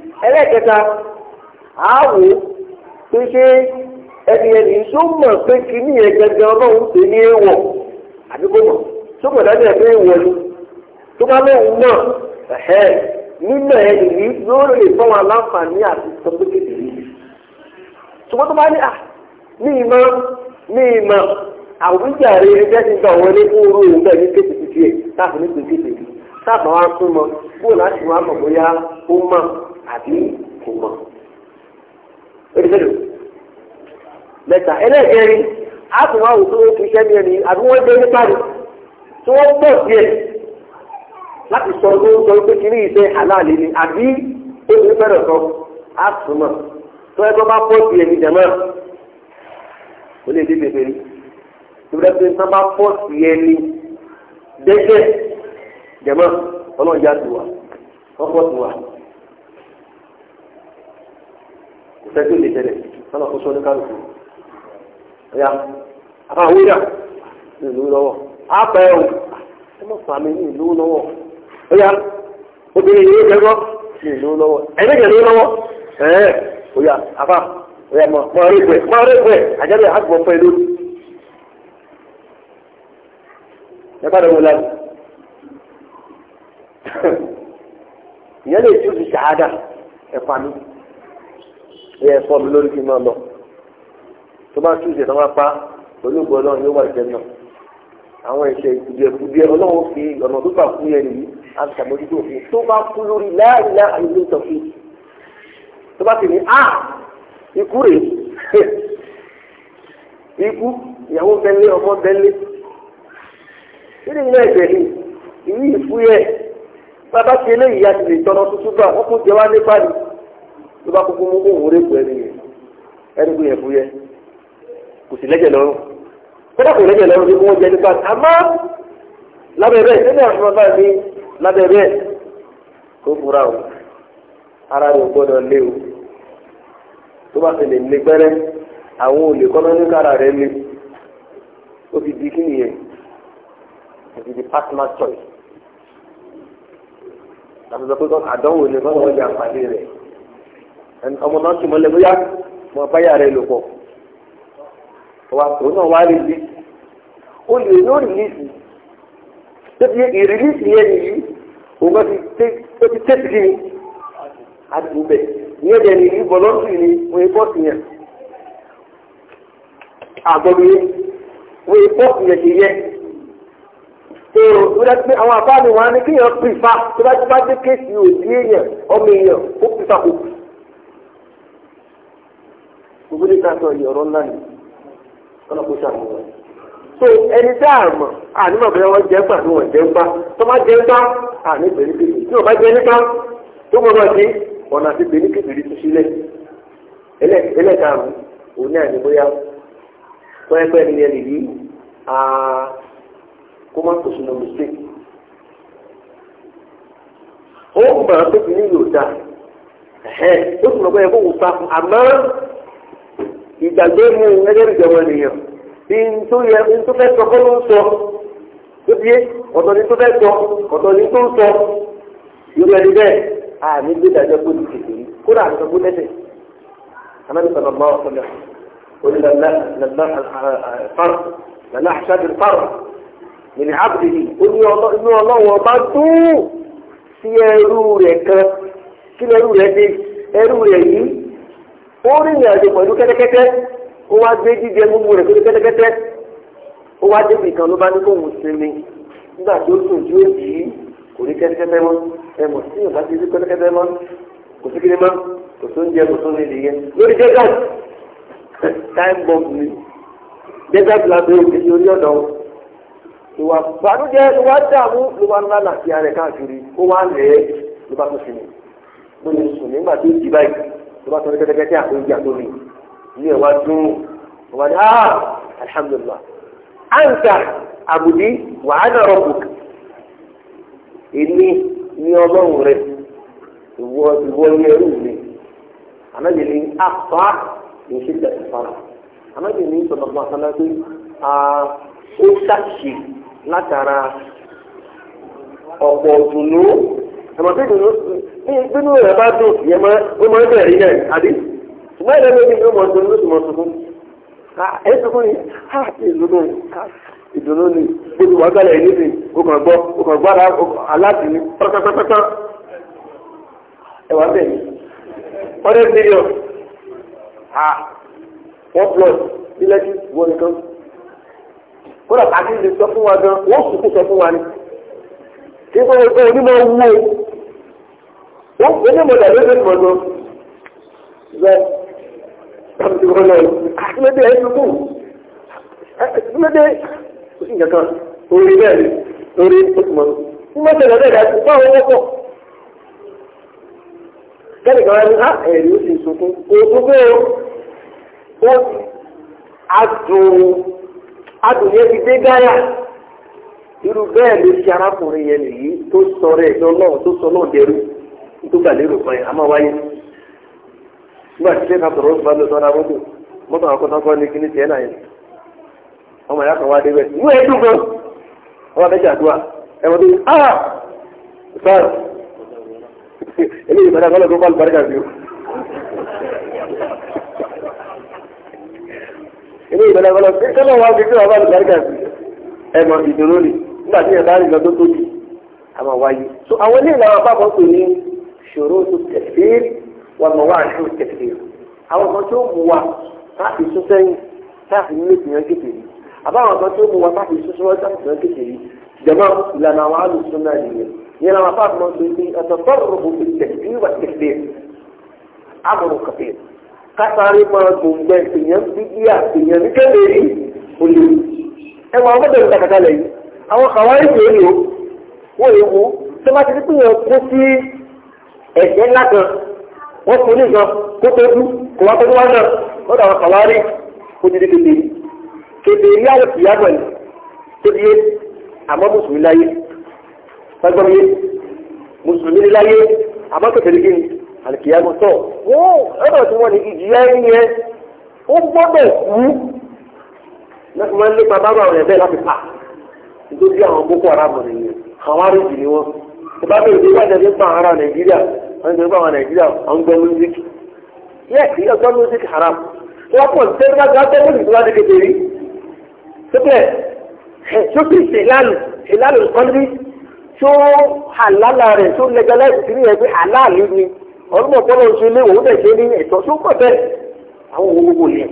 ẹlẹ́kẹta àáwò pé ṣé ẹni ẹni tó mọ̀ pé kíní yẹn gẹ́gẹ́ ọlọ́run ṣe ní èèwọ̀ àbí kò dájú ẹ̀ pé èèwọ̀ ni tó bá lóun mọ̀ ẹ̀hẹ́ nínú ẹ̀ nìyí yóò lè wọn láǹfààní àti ṣùgbọ́n tó bá ní à ní ìmọ̀ ní ìmọ̀ àwùjáre ẹgbẹ́ ti gba fún òun bẹ́ẹ̀ ní kékeré táàbù ní kékeré táàbù súnmọ́ àbí kò mọ̀. Èdèdè mẹ́ta ẹlẹ́gẹ̀rin a tún wá òkú òkú iṣẹ́ ní ẹni àbí wọ́n gbé nípa rẹ̀ tí wọ́n pọ̀ sí ẹ̀ láti sọ ló ń sọ pé kí ní ìṣe àláàlẹ́ ni àbí obìnrin fẹ́rẹ̀ sọ á sùn mọ̀ tó ẹgbẹ́ bá pọ̀ sí ẹni jẹ̀mọ́ ó lè dé bèbè rí ìrẹ́ pé tó bá pọ̀ sí ẹni dẹ́gẹ́ jẹ̀mọ́ ọlọ́run yá tù ọkọ̀ tù wá. tẹ́tí òde tẹ́lẹ̀ sọ́nà kó sọ́ni kálukú ọ̀yà àbá wíyà ní ìlú lọ́wọ́ àpẹ ò ẹ mọ̀ fàmí ní ìlú lọ́wọ́ ọ̀yà obìnrin yìí kẹ́kọ́ ní ìlú lọ́wọ́ ẹ̀mí kẹ́lú lọ́wọ́ ẹ̀ẹ́ ọ̀yà àbá ọ̀yà mọ̀ mọ̀ mọ̀ rí àjẹ́bẹ̀ àgbọ̀ pẹ̀ ìyẹn lè tún fi ṣàádà ẹ̀fà mi ẹ fọ́ mi lórí kí n máa lọ tó bá tún ìṣẹ̀tàn máa pa olóògbé ọlọ́run yóò wà ìṣẹ̀ náà àwọn ìṣẹ̀ ìdìẹ̀kudìẹ ọlọ́run fi ọ̀nà tó bá kú yẹn nìyí àtàbójútó òfin tó bá kú lórí láìlá ìlú ìtọ̀fin tó bá ti ní a ah, ikú rè ikú ìyàwó bẹ́lẹ̀ ọmọ bẹ́lẹ̀ nínú ilé ẹ̀jẹ̀ ni ìwé ìfúyẹ́ bàbá ti eléyìí àti lè tọ́nà tuntun bá wọ́n kó jẹ wá nípa ni. tó bá kúkú mú kó òun rẹ́pù ẹni yẹn ẹni kú yẹn fú yẹ kò sì lẹ́jẹ̀ lọ́rùn kódà kò lẹ́jẹ̀ lọ́rùn kó wọ́n jẹ nípa àmọ́ àwọn ọmọ kó fura o ara rẹ̀ gbọ́dọ̀ lé o tó bá fẹ́ lè lé pẹ́rẹ́ àwọn olè kọ́nà ní kára rẹ̀ lé ti di kí nìyẹn ó ti di partner choice àtúntò pé àdánwò ni kọ́nà wọ́n jẹ àǹfààní rẹ̀. ọmọ náà tì mọ́lẹ̀ bóyá mo báyà rẹ lò pọ̀ wa òun náà wá rí i o lè ní òrìlísì tẹ́tí ìrìlísì yẹn nìyí òun bá ti tẹ́tí kí ni àtúbẹ̀ ìyẹn dẹ̀ nìyí bọ̀lọ́sì ni wọ́n yẹ bọ́ọ̀sì yẹn àgbọ̀dù yẹn wọ́n yẹ bọ́ọ̀sì yẹn ṣe yẹ tó o dá pé àwọn àbáàmì wọn á ní kéèyàn pìfà tó bá ti bá dé kéèsì òdì èèyàn ọmọ èèyàn ó pìfà kò pì gbogbo ní ká sọ yìí ọ̀rọ̀ ńlá ni ọ̀nà kò sàmù wọn. so ẹni tá a mọ̀ ànímọ̀ bẹ́ẹ̀ wọ́n jẹ́ gbà ní wọ́n jẹ́ gbà tó bá jẹ́ gbà àní pèlékèké tí wọ́n bá jẹ́ nípa tó gbọ́dọ̀ sí ọ̀nà àti pèlékèké rí tu sílẹ̀ ẹlẹ́ẹ̀karùn-ún òun ní àníbóyá pẹ́ẹ́pẹ́ ni ẹni yìí kó má kó sínú mistake ó mọ̀ pé kìíní yóò dáa ó sì mọ̀ pé ẹ kó wò pa àmọ́ ìgbàgbé mu ẹgbẹ́ ìjọba ènìyàn bí n tó fẹ́ sọ kọ́ ló ń sọ tó bíé ọ̀tọ̀ ni tó fẹ́ sọ ọ̀tọ̀ ni tó ń sọ yorùbá ẹni bẹ́ẹ̀ àmì gbé dàjọ́ kó di tètè yìí kó dà àtọ̀ kó lẹ́sẹ̀ anábì sọ̀rọ̀ bá ọ̀sọ̀ lẹ̀ قل لنا حساب الفرع من عبده قل يا الله وبعده sí ẹrú rẹ̀ kan kí ni rẹ̀ dé ẹrú rẹ̀ yìí ó rí ìrìn àjò pẹ̀lú kẹ́tẹ́kẹ́tẹ́ ó wá gbé jíjẹ gbogbo rẹ̀ pẹ̀lú kẹ́tẹ́kẹ́tẹ́ ó wá débi kan ló bá ní kóhun sinmi nígbà tó sùn tí ó yí kò ní kẹ́tẹ́kẹ́tẹ́ mọ́ ẹ mọ̀ sí ìgbà tí ó kẹ́tẹ́kẹ́tẹ́ mọ́ kò sí kiri mọ́ kò tó ń jẹ kò tó ń lè yẹ lórí desert time bomb ni desert la bẹ òkè lórí ọ̀dọ̀ ìwà bànújẹ́ ló wá dààmú ló wá ńlá nàkíyà rẹ̀ káàkiri ó wá lẹ̀ ẹ́ ló bá tó sinmi ló ní sùn nígbà tó ti báyìí tó bá sọ ní kẹ́tẹ́kẹ́tẹ́ àpéjì àtòrí ilé ẹ̀ wá dún wà ní ah alhamdulillah anka abudi wà á nà rọ̀bù èmi ní ọlọ́run rẹ̀ ìwọ ìwọ ní ẹrú mi ànájẹ ní afa ah, ìṣe ìjà ìfara ànájẹ ní sọ̀rọ̀ bá sọ́nà pé ah, ó ṣàṣì látara ọ̀pọ̀ ọ̀dùnnú àmọ̀tí ìdùnnú ní ìpinnu rẹ̀ bá dùn yẹn máa ó máa ń bẹ̀rẹ̀ yẹn àbí ṣùgbọ́n ìlànà ìdí yóò mọ̀ ọdún lóṣù mọ̀ tuntun ẹ̀ tuntun yìí ha ìdùnnú ìdùnnú ni gbogbo wa gbàlẹ̀ yìí níbi o kàn gbọ́ o kàn gbọ́ aláàtì ni pátápátá ẹ wà bẹ́ẹ̀ ọdẹ mílíọ̀n ha wọ́n plọ̀t ilẹ̀ tí wọ́n nìkan kódà pàtó ìlú sọ fún wa gan wọ́n sùkú sọ fún wa ni. Ah, kí wọ́n onímọ̀ wú o wọ́n fún ní mọ̀tà lóde mọ̀tò rẹ̀ tàbí wọ́n lọ lóde ẹ̀ tukù lóde oṣù kankan orí bẹ́ẹ̀ ni orí oṣù mọ̀tò ní mọ̀tò lọ́dẹ̀ ìdájú báwọn wọ́pọ̀ kẹ́lẹ̀ kan wá ní ah, ẹ̀rí ó sì sunkún òṣùgbọ́ ó adùn adùn yẹn ti dé gáyà. irú bẹ́ẹ̀ ló ṣe arákùnrin yẹn nìyí tó sọ rẹ̀ lọ́nà tó sọ náà dẹrú tó gbà kan yẹn a máa wáyé nígbà tí sẹ́ka sọ̀rọ̀ oṣù bá lọ sọ́ra mọ́tò mọ́tò àwọn ní kíní tiẹ̀ náà yẹn ọmọ ìyá kan wá dé bẹ́ẹ̀ ní wọ́n gan ọmọ àdúrà ẹ̀wọ̀n ah! tó yẹ ah kọ́lọ̀ tó o kọ́lọ̀ tó nígbà tí yẹn bá rìn lọ́dún tó jù a máa wáyé so àwọn ilé ìlànà àpapọ̀ pè ní ṣòro tó tẹ̀síìrì wà mọ̀ wá àṣọ tẹ̀síìrì àwọn kan tó mú wa láti sún sẹ́yìn láti nílé ìpìyàn kékeré àbáwọn kan tó mú wa láti sún sẹ́yìn láti ìpìyàn kékeré jẹ̀mọ́ ìlànà àwọn alùsùn náà nìyẹn yẹn làwọn àpapọ̀ pè ní ẹ̀tọ́ kásáré máa gbòǹgbẹ èèyàn gbígbí àtèèyàn ní kékeré àwọn kàwárí tó lò wọ́n lè wo tó bá ti dípò yẹn kó sí ẹ̀jẹ̀ ńlá kan wọ́n kò ní nǹkan kó tó dú kó wá tó tó náà wọ́n dà wọ́n kàwárí kó ti di kéde kéde rí àwọn kìyà pẹ̀lú tó di yé àmọ́ mùsùlùmí láyé gbàgbọ́ yé mùsùlùmí láyé àmọ́ kékeré kí ni àlùkìyà mọ̀ tọ̀ wọ́n ọ̀dọ̀ tí wọ́n ní ìjìyà ẹ̀yìn yẹn ó gbọ́dọ̀ kú lọ́sùn máa ń lépa nítorí àwọn boko haram nìyẹn àwọn arìnrìn ni wọn tó bá bẹ̀rẹ̀ nígbà tó ń pa ara nàìjíríà wọn ti ń pa àwọn nàìjíríà wọn ń music yẹ́ẹ̀kì yẹ́ẹ̀ gbọ́ music haram wọ́n pọ̀ sí ẹgbẹ́ gbọ́ gbọ́ music wá ní kékeré síbẹ̀ sókè ìṣèlálù ìṣèlálù kọ́ndí tó àlálà rẹ̀ tó lẹ́gẹ́lẹ́ ìṣìlẹ̀ yẹn pé àlàálù ni ọlọ́mọkọ́lọ́ ń ṣe ilé òun dẹ̀ ṣe ní ẹ̀tọ́ tó pọ̀ bẹ́ẹ̀ àwọn òwò wò yẹn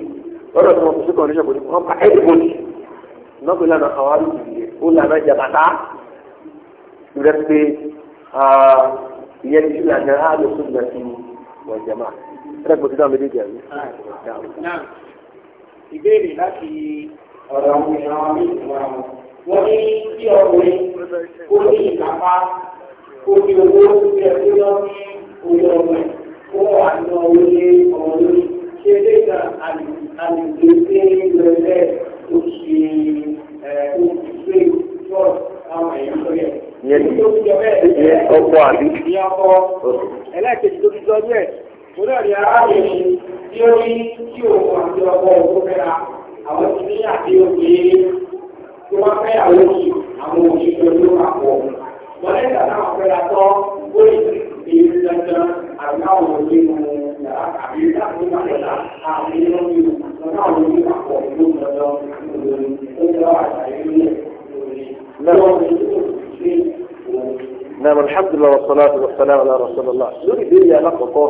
lọ́dọ̀ tó mọ̀ kò sí kọ́ndíṣọ̀ kò ní kọ́ nọ́ọ̀bù lànà àwárí ìdílé ó lànà jàkàtà rẹ pé ìyẹn ti lànà àlùsùn náà ti wọ̀n jàmà rẹ kò ti dáhùn méjèèjì àmì. ìbéèrè láti ọ̀dọ̀ àwọn èèyàn wọn ní ìtura wọn wọ́n ní kí ọkùnrin kó ní ìkápá kó ní owó tó yẹ kó lọ sí orí ọmọ ẹ̀ kó wà ní ọwọ́ ọmọ lórí ṣeré kan àlùkèké lẹ́lẹ́ tó ṣe ojúṣe ṣọ́ọ̀ṣì àwọn èèyàn lórí ẹ̀. Ìyẹn tó ti jọ bẹ́ẹ̀ ọkọ̀ àbí. Ìyẹn ọkọ̀ ẹlẹ́ẹ̀kejì tó ti jọ bẹ́ẹ̀. Mo náà rí arábìnrin tí ó ní tí òun àti ọkọ̀ òun fẹ́ra àwọn ti ní àdéhùn pé tí wọ́n fẹ́ àwọn oṣù àwọn oṣù tó ló máa pọ̀. Mọ̀lẹ́ta náà fẹ́ra tán ó lè ti ń dandan àbí àwọn òní mu yàrá àbí láti má yàrá àbí wọ́n ní ọ̀nà àwọn òní àpọ̀ ìlú dandan lórí ẹgbẹ́ àgbáyé nílẹ̀ lórí lọ́wọ́ ní نعم الحمد لله والصلاة والسلام على رسول الله lórí ìbéèrè alákọ̀ọ́kọ́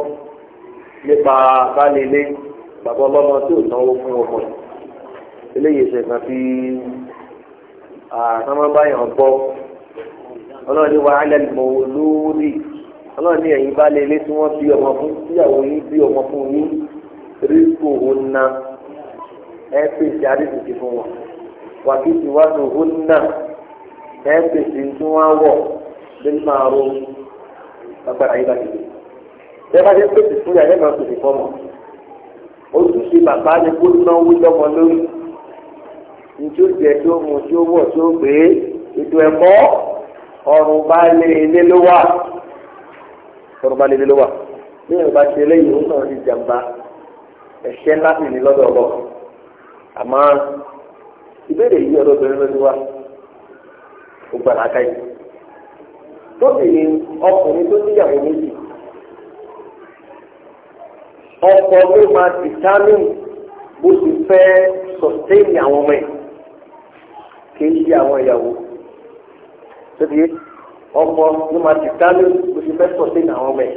nípa baálé ilé bàbá ọlọ́mọ tí ò sanwó fún ọmọ yìí eléyìí ṣe kan fi àtàwọn báyọ̀ bọ́ ọlọ́run ní wàhálà ìmọ̀ olórí ọlọ́run ní ẹ̀yin baálé ilé tí wọ́n bí ọmọ fún tíyàwó yín bí ọmọ fún yín rísíkò òun na ẹ pèsè àrísìkì fún wọn wàkìtì wà ní òun na ẹ pèsè tí wọ́n á wọ̀ bí máa ro agbára yín bá ti dé. bẹ́ẹ̀ bá ti pèsè fún yàrá ẹ̀ máa pèsè ojúṣe bàbá ni kó náwó lọ́mọ lórí njó jẹ tó mu tó wọ̀ tó gbé ètò ẹ̀kọ́ ọrùn bá lé ilé ló wà sọ̀rọ̀ba níbi ló wà bí èèyàn bá ṣe eléyìí ó náà ní jàǹbá ẹ̀ṣẹ̀ ńlá sì ní lọ́dọ̀ ọ̀rọ̀ àmọ́ ìbéèrè yìí ọ̀dọ̀ obìnrin ló ti wá ó gbà láàká yìí tóbìnrin ọkùnrin tó níyàwó méjì ọkọ ló máa determine bó ti fẹ́ sustain àwọn ọmọ ẹ̀ kì í ṣe àwọn ìyàwó tóbi yìí ọmọ ló máa ti dálé oṣù mẹ́sàn sí ní àwọn ọmọ ẹ̀.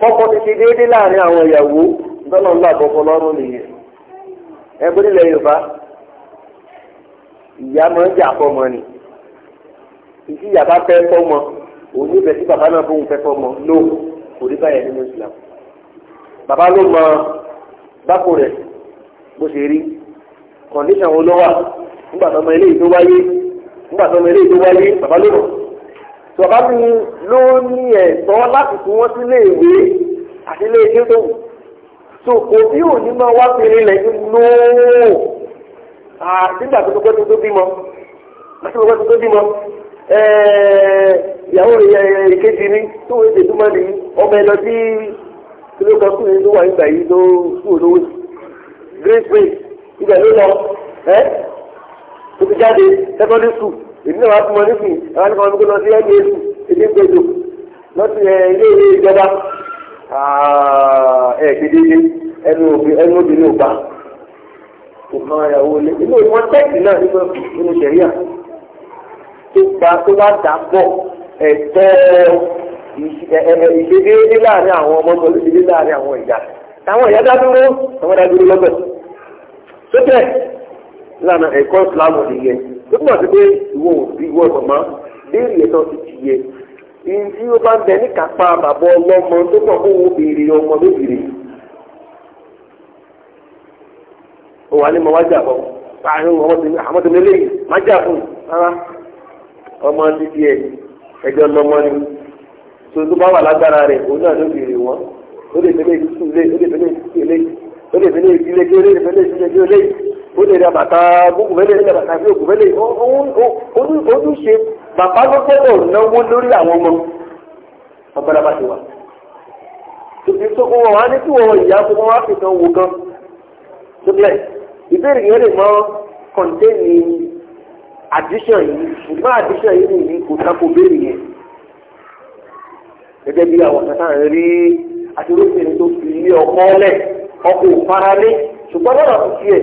kọ́kọ́ ti ṣe déédéé láàrin àwọn ìyàwó ìtọ́nà ńlá àbọ̀bọ̀ lọ́rùn nìyẹn. ẹgbẹ́ nílẹ̀ yorùbá ìyá máa ń jà fọmọ ni ìdí ìyá bá fẹ́ fọmọ òun ní ìbẹ̀sí bàbá náà bóun fẹ́ fọmọ ló kò rí báyẹn nínú Islam. bàbá ló mọ bákò rẹ̀ bó ṣe rí kọ̀ǹdíṣàn wo ló wà nígbà tó ọmọ nígbà tó ọmọ eré tó wáyé bàbá ló bàbá mi ló ní ẹ̀tọ́ láti fún wọn sílé ìwé àti ilé so òbí ò ní máa wá péré lẹ́yìn lóòó nígbà tó kọ́kọ́ tó bímọ láti kọ́kọ́ tó bímọ ìyàwó rẹ̀ ìkejì ni tó wọ́n ètò máa nìyí ọmọ ẹ lọ sí ilé kan yìí tó olówó ibẹ̀ ló lọ èmi náà wá fún wọn nísìnyí àwọn nípa wọn kó lọ sí ẹgbẹ́ èsù èdè gbèdò lọsí ẹ ilé ìwé ìjọba ẹ kedere ẹnu òbí ẹnu òbí ní ògbà nǹkan ìyàwó ilé inú ìwọ̀n tẹ́ẹ̀kì náà nínú nínú sẹ̀ríà tó gba tó bá dà pọ̀ ẹ̀tọ́ ìṣedéédé láàrin àwọn ọmọ ọmọ olóṣèlú láàrin àwọn ìyá táwọn ìyá dádúró àwọn dádúró lọ́gbẹ̀ẹ́ sókè lánàá ẹ̀kọ́ ìsìlámù nìyẹn ó túmọ̀ sí pé ìwọ òbí wọ ọ̀mọ́ béèrè ẹ̀tọ́ ti ti yẹ ìyẹn tí ó bá ń bẹ níkàápá bàbá ọlọ́mọ tó mọ̀ kó wo béèrè ọmọ lóbìnrin ó wà ní mọ wájà bọ̀ láàrin àwọn tó mélé yìí má jà fún rárá ọmọ títí ẹ ẹjọ lọmọ ni tó tó bá wà lágbára rẹ òun náà ló béèrè wọn ó lè fẹlẹ ìdílé ó lè fẹlẹ ìdílé ó lè fẹlẹ ìdílé kéré ó lè fẹlẹ ìdílé kéré ó lè ra bàtà gbógunmẹ́lẹ̀ lè ra bàtà bí ògùnmẹ́lẹ̀ ojúṣe bàbá ló gbọ́dọ̀ náwó lórí àwọn ọmọ ọgbọ́dọ̀ bá ti wà. tòbí tó kọ́ wọn á ní kí wọn ìyá tó wọn á fi tán wo gan. tóbilẹ̀ ìbéèrè yẹn lè mọ kọ̀ǹtéènì àdíṣàn yìí ṣùgbọ́n àdíṣàn yìí nìyí kò sáko béèrè yẹn. gẹ́gẹ́ bí àwọn tata rẹ̀ rí àti olóṣèlú tó fi ilé ọkọ lẹ̀ ọkọ̀ òfaralé ṣùgbọ́n lọ́nà tó fi ẹ̀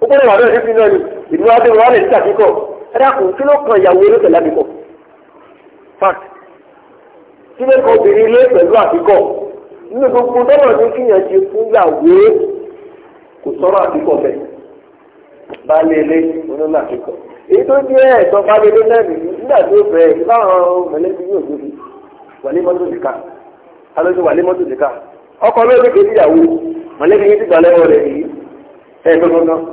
ó gbọ́dọ̀ wà náà ní sinmi ọ̀nì ìlú adéwọ̀ wà lè ní sàkíkọ̀ ẹ̀dàkùn kí ló kan ìyàwó eré pẹ̀lú àbíkọ̀ fact kí ló kan obìnrin ilé pẹ̀lú àbíkọ̀ nínú gbogbo dọ́là ní kíyàn ṣe fún ìyàwó kò sọ̀rọ̀ àbíkọ̀ bẹ̀ balẹ̀ ilé onílà àbíkọ̀ èyí tó jẹ́ ẹ̀tọ́ balẹ̀ ilé náà nìyí nígbà tó bẹ̀ ìbáwọn mẹ̀lẹ́bí yóò tóbi wàlé mọ́tò nìka alójú wàlé mọ́tò nìka ọkọ̀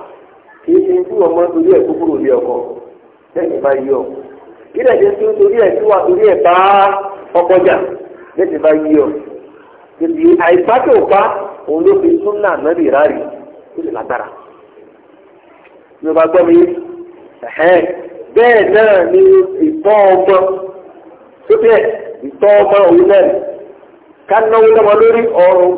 kì í ṣe tí wọ́n torí ẹ̀ tó kúrò lé ọkọ lẹ́yìn bá yí ọ kí lẹ́yìn tí ó torí ẹ̀ tí wà torí ẹ̀ bá ọkọ jà lẹ́yìn bá yí ọ tètè àìbájò bá òun ló fi súnà nàbì ó lágbára ní o bá gbọ́ mi bẹ́ẹ̀ náà ni ìtọ́ ọmọ sókè ìtọ́ ọmọ òun náà ká náwó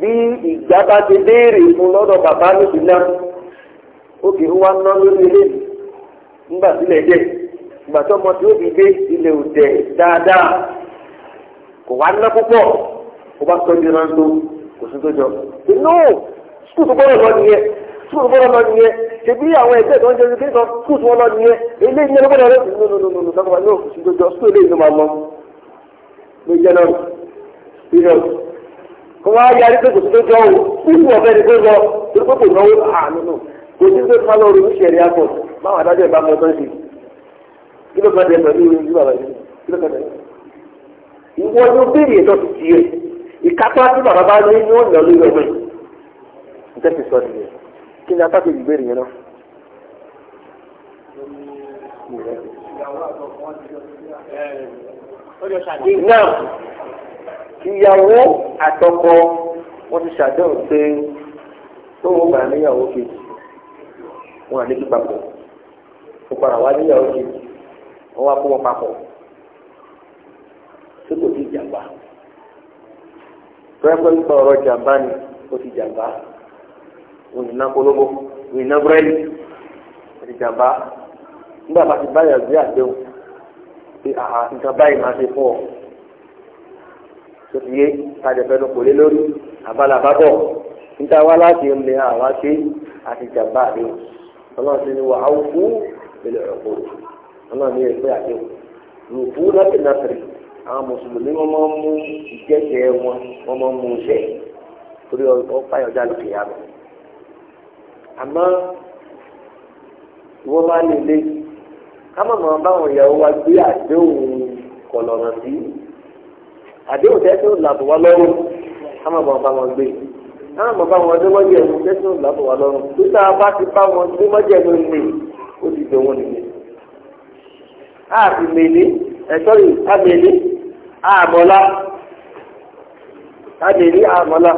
bí ìgbà bá ti béèrè fún lọ́dọ̀ bàbá lóbi náà ó kì í wá ná lórí ilé nígbà sílẹ̀ dẹ̀ ìgbà tó ọmọ tí ó fi dé ilẹ̀ òdẹ̀ dáadáa kò wá ná púpọ̀ kó bá tọ́jú náà tó kò sí tó jọ. inú sùkúù tó gbọ́dọ̀ lọ nìyẹn sùkúù tó gbọ́dọ̀ lọ nìyẹn ṣèbí àwọn ẹgbẹ́ tó ń jẹun kí n sọ sùkúù tó lọ nìyẹn ilé ní òkùnkùn tó jọ kó wá yarí pé kò sí tó ha n'ụnụ nínú ndị ni tó lọ torí ya kò náwó adịghị nù kò sí tó kálọ orí ìṣẹ̀lẹ̀ akọ báwọn adájọ́ ìbá mọ ọdún sí kí ló kàn dé pẹ̀lú ìlú bàbá yìí kí ló kàn dé. ìwọ ló béèrè ètò ti tiẹ̀ ìkápá tí bàbá bá ní ní ọ̀nà lórí ìyàwó àtọkọ wọn ti ṣàdéhùn pé tó wọn gbà níyàwó kejì wọn àlejò papọ̀ ó padà wá níyàwó kejì wọn wá kó wọn papọ̀ tó kò sí ìjàmbá tó yẹ kó nípa ọ̀rọ̀ ìjàmbá ni ó ti jàmbá wọn ní ná polówó wọn ní ná búrẹ́dì ó ti jàmbá nígbà bá ti báyà sí àdéhùn pé àhà nǹkan báyìí máa ṣe fún ọ tó fi yé kájọpẹ́nu kò lé lórí àbálàbábọ̀ níta wá láti ń lè àwa ṣe àti jàmbá àdé ọlọ́run ti ní wà á wù ilẹ̀ ọ̀pọ̀ ọlọ́run ní ẹgbẹ́ àdé rùkú lọ́tìnàtìrì àwọn mùsùlùmí wọn máa ń mú ìjẹ́jẹ́ wọn wọn máa ń mú iṣẹ́ torí ọ̀pá ìyọ̀dá lókè yá lọ. àmọ́ ìwọ́n bá lè lé ká má máa báwọn ìyàwó wa gbé àdéhùn kọ̀lọ̀rọ̀ sí i àdéhùn tẹ́sán làbò wá lọ́rùn ká má bàa bá wọn gbé ká má bàa bá wọn dé mọ́jẹ̀ ẹ̀mú tẹ́sán làbò wá lọ́rùn tó tá a bá ti bá wọn dé mọ́jẹ̀ ẹ̀mú lè ó ti dẹ̀ wọn nìyẹn. a ti mèlé ẹ̀tọ́ yìí a mèlé a mọ̀lá a mèlé a mọ̀lá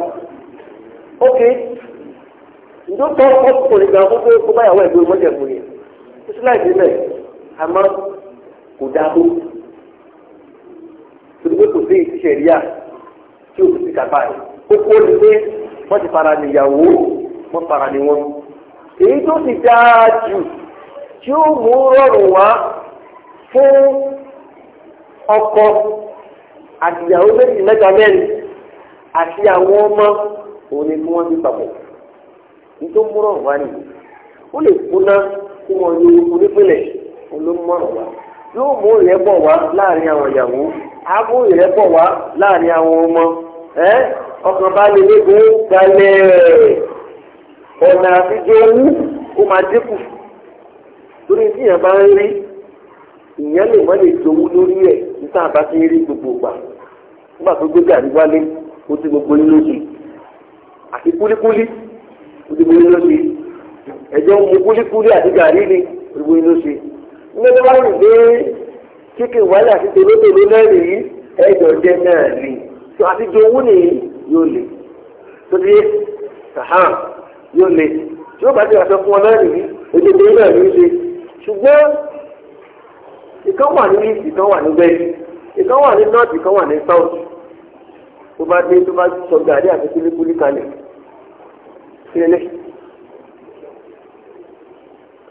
ok ǹjọ́ tó ọkùnrin gan fún pé kó báyàwó ẹ̀gbẹ́ mọ́jẹ̀ ẹ̀mú yẹn ó sì láì torí kò sí ìṣiṣẹ́ ìyá tí o ti kàbá yìí kókó ni pé wọ́n ti fara ní ìyàwó wọ́n fara ní wọn. èyí tó ti dáa jù tí ó mú rọrùn wá fún ọkọ àtìyàwó méjì mẹ́ta mẹ́rin àti àwọn ọmọ òun ni kí wọ́n ti papọ̀ èyí tó mú rọrùn wá nìyí ó lè kúná kí wọ́n yọ onípínlẹ̀ olómọ̀ràn wá yóò mú ìrẹ́pọ̀ wá láàrin àwọn ìyàwó. abú ìrẹ́pọ̀ wá láàrin àwọn ọmọ ẹ́ ọkàn bá lè léegun gbalẹ̀ ọ̀nà àfijọ́ owó ó máa dínkù tí bá ń rí ìyẹn lè má lè jowú lórí ẹ̀ ti rí gbogbo gbà nígbà tó gbé gàrí wálé ó ti gbogbo yín lóṣù àti kúlíkúlí ó ti gbogbo yín lóṣù mu kíkè wàhálà sí tòlótòló lẹ́rìn yìí ẹ̀jọ̀ jẹ́ náà ni tó àti jọ owó nìyí yóò lè tó ti yé sàhán yóò lè tí ó bá ti àṣọ fún ọ lẹ́rìn yìí ojúbọ iná ló ń ṣe ṣùgbọ́n ìkan wà ní east ìkan wà ní west ìkan wà ní north ìkan wà ní south tó bá dé tó bá sọ gàdí àti kúlíkúlí kalẹ̀ sílẹ̀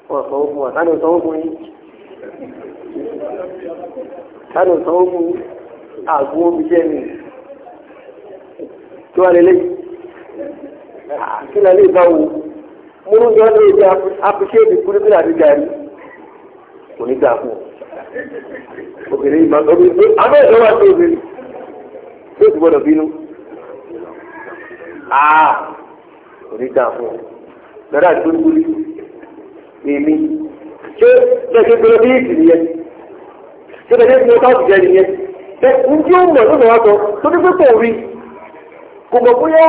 wọn sọ fún wa sani sọ fún yín kánò sanwó fún àgbo omi jẹ́ mi tó wà lélẹ́yìn ah, kí lálẹ́ ìbáwo mo ń yọ ní ibi apíṣẹ́ẹ̀dì kúrúkúrú àti gàrí kò ní gbà fún ọ obìnrin ìgbà tó bí abẹ́ ìjọba wà sí obìnrin tó ti gbọdọ̀ bínú ah, kò ní gbà fún ọ lọ́dà tó ń gbúlí èmi. ṣé lẹ́sẹ̀ gbọ́dọ̀ bí ìtì nìyẹn ṣé lẹ́sẹ̀ gbọ́dọ̀ káàtì jẹ nìyẹn ẹ ń tí ó mọ̀ lónà wá tó ní pípọ̀ rí kò mọ̀ bóyá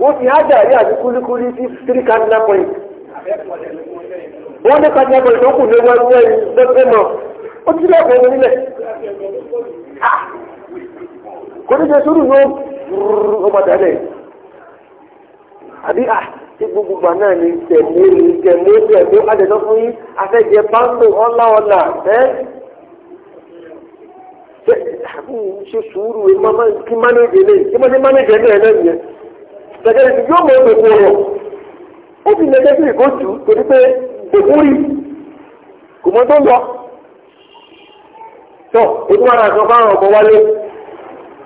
wọ́n ti á dàrí àti kúlíkúlí sí three cardinal points wọ́n ní tí gbogbo gbà náà ní tẹ̀mú ní tẹ̀mú tẹ̀mú adẹ̀dọ́ fún yín afẹ́jẹ báńdò ọ̀la ọ̀la ẹ́ ṣe sùúrù kí mánéjì lè kí mánéjì mánéjì ẹ̀ náà nìyẹn gẹ́gẹ́ bí yóò mọ gbogbo rọ̀ ó fi lẹ́gẹ́ sí ìkóṣù torí pé gbogbo rí kò mọ tó lọ tó ètò ara àtọ́ bá rọ̀ ọkọ̀ wálé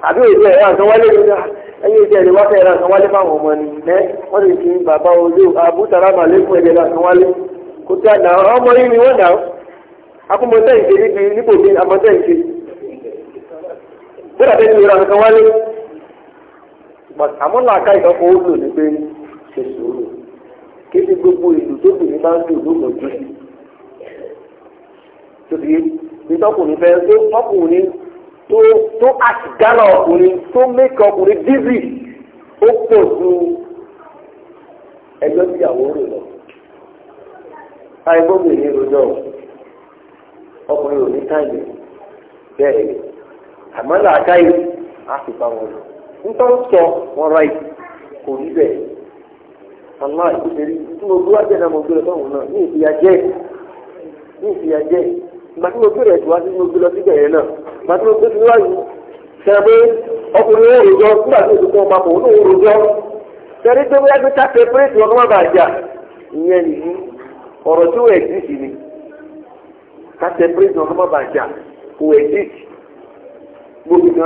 àbí òṣèlú àtọ́ wálé nígbà ẹyin ìjẹ́ ìlú wákẹ́ ìlànà wálé fáwọn ọmọ ni ẹ wọ́n lè fi bàbá olú àbútarama a nà ọ́ ọmọ yìí ni wọ́n nà ọ́ akúmọ̀tẹ́ ìṣe níbi nípò bí amọ̀tẹ́ ìṣe bóyá bẹ́ẹ̀ ni ìlànà kan wálé àmọ́ ó lò ní pé ṣe kí ni gbogbo ìlú tó kù ní bá ń jù sí. tó tó àtìgálà ọkùnrin tó mẹ́kọ̀ ọkùnrin dizzy ó pọ̀ ju ẹjọ́ tíyàwó rẹ̀ lọ. àìgbọ́n mi ní rojọ́ ọkùnrin ò ní táyì bẹ́ẹ̀ ni àmọ́ làákàyè á sì bá wọn lọ. nítorí sọ wọn ráì kò rí bẹ́ẹ̀ àmọ́ ìkúsẹ̀rí tí mo gbé wájú ẹ̀ náà mo gbé lọ náà ní ìfìyà jẹ́ ní ìfìyà jẹ́ ìgbà tí mo gbé rẹ̀ tó wá sí mo gbé lọ síbẹ̀ yẹn náà. pàtó tó ti wáyé sẹ́gbẹ́ ọkùnrin ó rojọ́ nígbà tó ti tán papọ̀ ó lóun rojọ́ sẹ́rí tó bóyá gbé káfíń pírẹ́tì wọn má bàa jà ìyẹn nìyí ọ̀rọ̀ ni káfíń pírẹ́tì má bàa jà kò gbogbo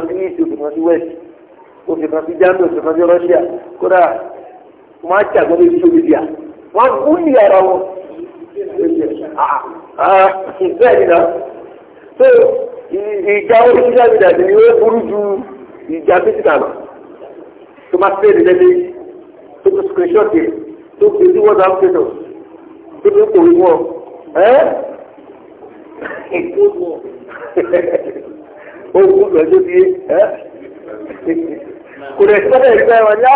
òfin òfin òfin kódà kú ní ara wọn ìjà oníṣẹ́ ìdàdì ni ó burú ju ìjà físíkà lọ tó bá fẹ́ẹ́ lẹ́lẹ́ tó tó skrẹ́ṣọ́ọ̀tì tó fi sí wọ́n dáhùn fẹ́tọ̀ tó fi kò wíwọ́ ẹ́ ogun lọ́jọ́ bí ẹ́ kò lè sọ́dọ̀ ìgbà ẹ̀wọ̀n ní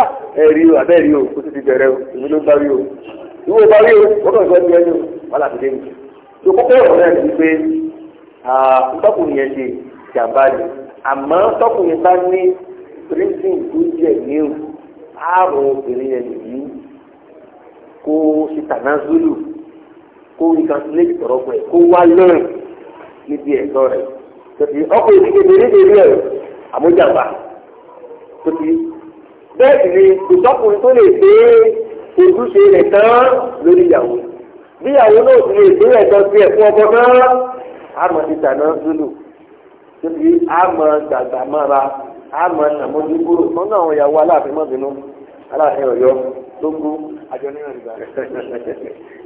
ẹ̀rí o àbẹ́rí o kó tó ti bẹ̀rẹ̀ o èmi ló bá rí o ìwọ bá rí o wọ́n kàn gbọ́ ní ẹni o wọ́n làbí dé mi tó kọ́kọ́ ẹ̀rọ náà ní pé ntọ́kùnrin yẹn ṣe jàmbá ni àmọ́ tọ́kùnrin bá ní rísìn tó jẹ́ níwò àrùn obìnrin yẹn nìyí kó sitana zulu kó ìkànsílẹ̀ ìtọ̀rọ̀ pẹ̀ kó wá lẹ́rìn níbi ẹ̀tọ́ rẹ̀ tòtí ọkọ̀ ìdíje ìdíje rẹ̀ àmójàmbá tòtí bẹ́ẹ̀ sì ni ìtọ́kùnrin tó lè dé ojúṣe rẹ̀ tán lórí ìyàwó bí ìyàwó náà ti lè dé ẹ̀tọ́ sí ẹ̀fún ọkọ náà àmọ́ títà náà zulu tóbi àmọ́ gbàgbà mọ́ra àmọ́ nàmójúgbò fún àwọn ìyàwó aláàfin mọ́bìnú aláàfin ọ̀yọ́ tó kú àjọ nínú ìgbà rẹ̀.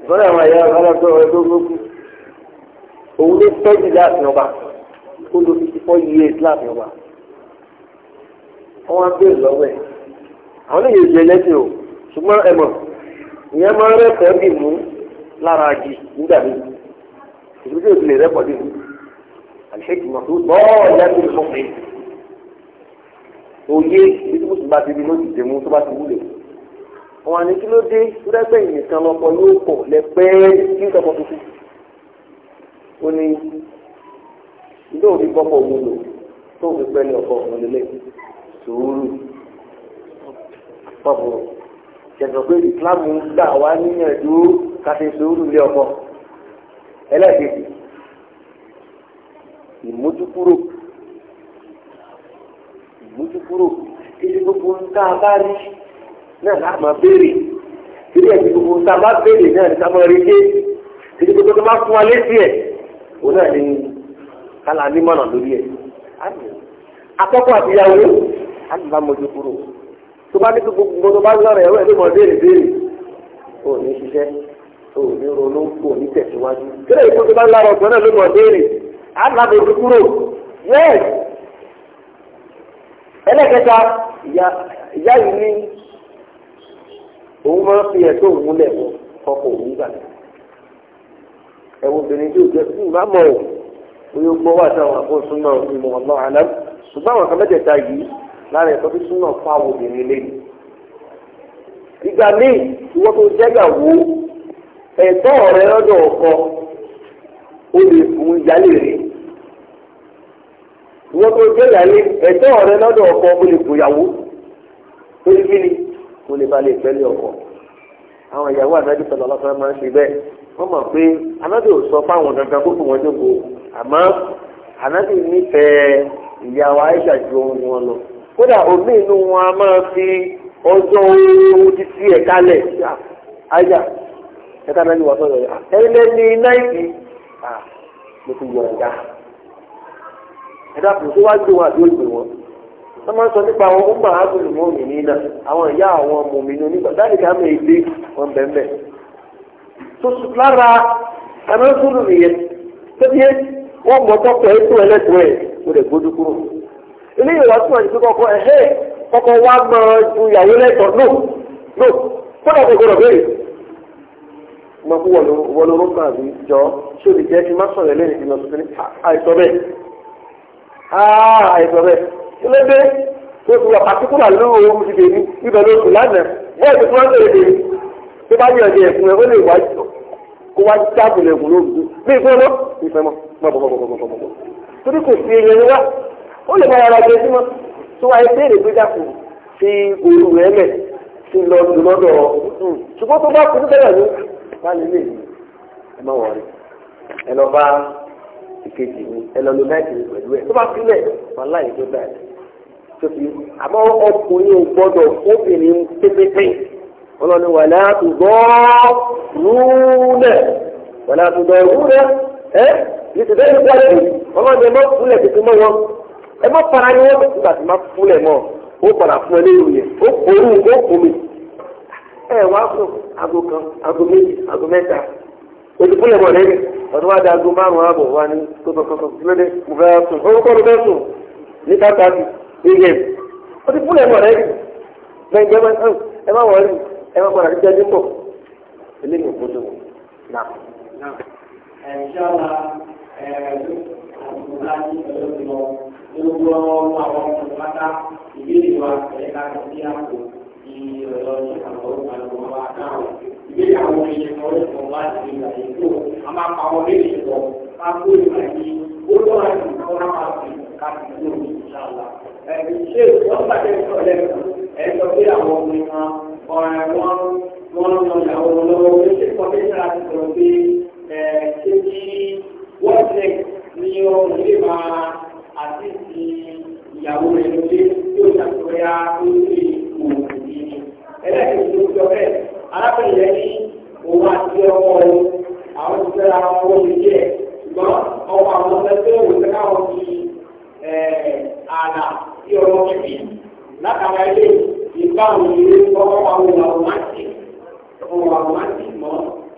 ìfọ́nà àwọn ìyàwó aláàfin ọ̀yọ́ tó kú òun ló tọ́jú láàfin ọba ó lo fifty four years láàfin ọba wọ́n á bèèrè lọ́wọ́ ẹ̀ àwọn èèyàn ìjẹ lẹ́sìn o ṣùgbọ́n ẹ ìyẹn máa ń rẹ́pẹ̀ẹ́ bì mú lára àjì nígbà míì ìdílé òsì lè rẹ́kọ̀dì àlùfẹ́kì mọ̀ tó bọ́ọ̀ láti ìfọ̀pẹ́ òye ìdílé òsì bá ti di ló ti dè mú tó bá ti wúlò wọn àní ló dé rẹ́gbẹ́ ìnìkan lọ́pọ̀ yóò pọ̀ lẹ́pẹ́ kí n sọ̀kọ̀ tuntun ó ní ilé òbí kọ́kọ́ wúlò tó fi pẹ́ ní ọkọ̀ òmìnirẹ́ sùúrù pọ̀pọ̀ ṣẹ̀dọ̀ pé ìsìlámù gbà wá níyànjú ká ṣe sùúrù lé ọkọ̀ ẹlẹ́ẹ̀kejì ìmójúkúrò ìmójúkúrò títí gbogbo nǹkan abárí náà láà máa béèrè títí ẹ̀sìn gbogbo nǹkan abá béèrè náà ní sábà rí dé títí gbogbo tó bá fún wa létí ẹ̀ òun náà ní kálá nímọ̀nà lórí ẹ̀ akọ́kọ́ àtìyàwó àtìbá mójúkúrò tó bá ní gbogbo tó bá lọ́rọ̀ ẹ̀rọ ẹ̀ ló mọ̀ béèrè béèrè òun ní ṣiṣẹ́. o ní ronú kò ní tẹ̀síwájú. kílẹ̀ ìkó tó bá lára ọ̀gbọ́n náà ló mọ̀ béèrè á nà ya kúrò ẹlẹ́kẹta ìyá yìí ní òun máa fi ẹ̀tọ́ òun lẹ̀ ọkọ̀ òun gbà. ẹ̀wọ̀n obìnrin tí ò jẹ́ fún mọ̀ ọ́ gbọ́ wà náà àná ṣùgbọ́n àwọn yìí lára ẹ̀kọ́ tó fáwọn obìnrin lé ẹ̀tọ́ rẹ lọ́dọ̀ ọkọ o lè fún ìyálé wọ́n tó jẹ́ ìyálé ẹ̀tọ́ ọkọ lè fún ìyàwó torí kí lè ọkọ àwọn ìyàwó àdájọ́ sọ̀rọ̀ ọlọ́sọ̀rọ̀ máa ń ṣe bẹ́ẹ̀ wọ́n mọ̀ pé anábì ò sọ fáwọn dandan kó fún wọn jókòó àmọ́ anábì nífẹ̀ẹ́ ìyàwó ju ohun wọn lọ ẹ̀ka náà ah, ní wàá sọ̀rọ̀ ẹ̀yin lẹ́ ní náìkì ah, mo ti yọ̀ǹda ẹ̀dá kò tó wá gbé wọn àbí ògbé wọn wọ́n máa ń sọ nípa àwọn ọmọ àbúrò mọ́mì nínà àwọn ìyá àwọn mọ̀mìnú nígbà dáàbì ká mọ̀ èdè wọn bẹ̀m̀bẹ̀. tuntun lára ẹ̀rọ sùúrù nìyẹn tóbi yẹn wọ́n mọ̀ tọ́pọ̀ ètò ẹlẹ́tọ̀ ẹ̀ kó lè gbójú kúrò. eléyìí wàá túmọ̀ nípa kọ́kọ́ ẹ̀hẹ́ kọ́kọ́ wá máa ju ìyàwó lẹ́tọ̀ lò lò kọ́kọ́ kò gbọdọ̀ bẹ́ẹ̀ mo kú wọlé orúkọ àbí jọ ṣé o lè jẹ́ kí n má sọ̀rọ̀ lẹ́yìn ìdìbò tuntun ní àìsọ bẹ́ẹ̀ àìsọ bẹ́ẹ̀ kí ló dé tó fi wà pàtíkùlà lóru owó ti dèbí ibẹ̀ ló sùn lánàá bẹ́ẹ̀ tó tún wá lè dèbí tó bá yànjẹ ẹ̀kún rẹ̀ ó lè wá kó wá jábùlẹ̀ ẹ̀kún lóru bí ìfẹ́ mọ́ ìfẹ́ mọ́ mọ́bọ̀mọ́bọ̀mọ́bọ̀ torí kò sí eyín wá ó lè máa ra sí mọ́ tó wáyé béèrè pé dàpọ̀ fi òru rẹ̀ lẹ̀ sí lọ lọ́dọ̀ hmm. ṣùgbọ́n tó bá kú wálé lè ní ẹ má wọrí ẹ lọ bá ìkejì mi ẹ lọ lo náìtì mi ẹ tó bá sílẹ̀ wọn láyé tó dà ẹ tó fi àmọ́ ọkùnrin ò obìnrin pépépé ọlọ́ni wà látùgbọ́ rúnẹ̀ wà látùgbọ́ rúnẹ̀ ẹ yìí ti bẹ́ẹ̀ wọlé yìí ọlọ́ni ẹ má tètè wọn ẹ má fara má ó padà fún ẹ ó kórú ó kórú. ẹ wá aago kan aago méjì aago mẹ́ta ojúkúlẹ̀ mọ̀ lẹ́yìn ọdún wa di aago márùn-ún ààbọ̀ wa ní tó kankan kí mo fẹ́ sùn ló fẹ́ sùn ní ojúkúlẹ̀ mọ̀ gbẹ̀ngbẹ̀ má padà ìgbéyàwó ìyẹn kan ó kàn wá sí ìgbà yìí tó a máa pa wọn ìṣẹ̀lẹ̀ yìí ó lọ́ra jù kó máa fi ká fi ní ìṣàlá. ẹ̀mí ṣé wọ́n gbàgbé sọ lẹ́nu ẹ̀ pé àwọn ọmọ ìran ọ̀rẹ́ wọn wọn lọ ìyàwó wọn lọ́wọ́ pé ṣé kọ́mẹ́tà ti sọ pé ẹ̀ ṣé kí wọ́n ṣe ọmọ ilé máa àti ìyàwó rẹ̀ lóde yóò ṣàtúnyà ó ṣe ìkòwò ẹlẹ́yìn tó jọ bẹ́ẹ̀ arábìnrin yẹn ní òun àti ọmọ rẹ àwọn ti fẹ́ra wọn wọ́n lè díẹ̀ ṣùgbọ́n ọmọ àwọn ọ̀sẹ̀ tó wò sí káwọn fi ààlà sí ọmọ kẹfì látara ilé ìbáwọn ilé ọmọ àwọn ọmọláńtì ọmọ ọmọláńtì mọ́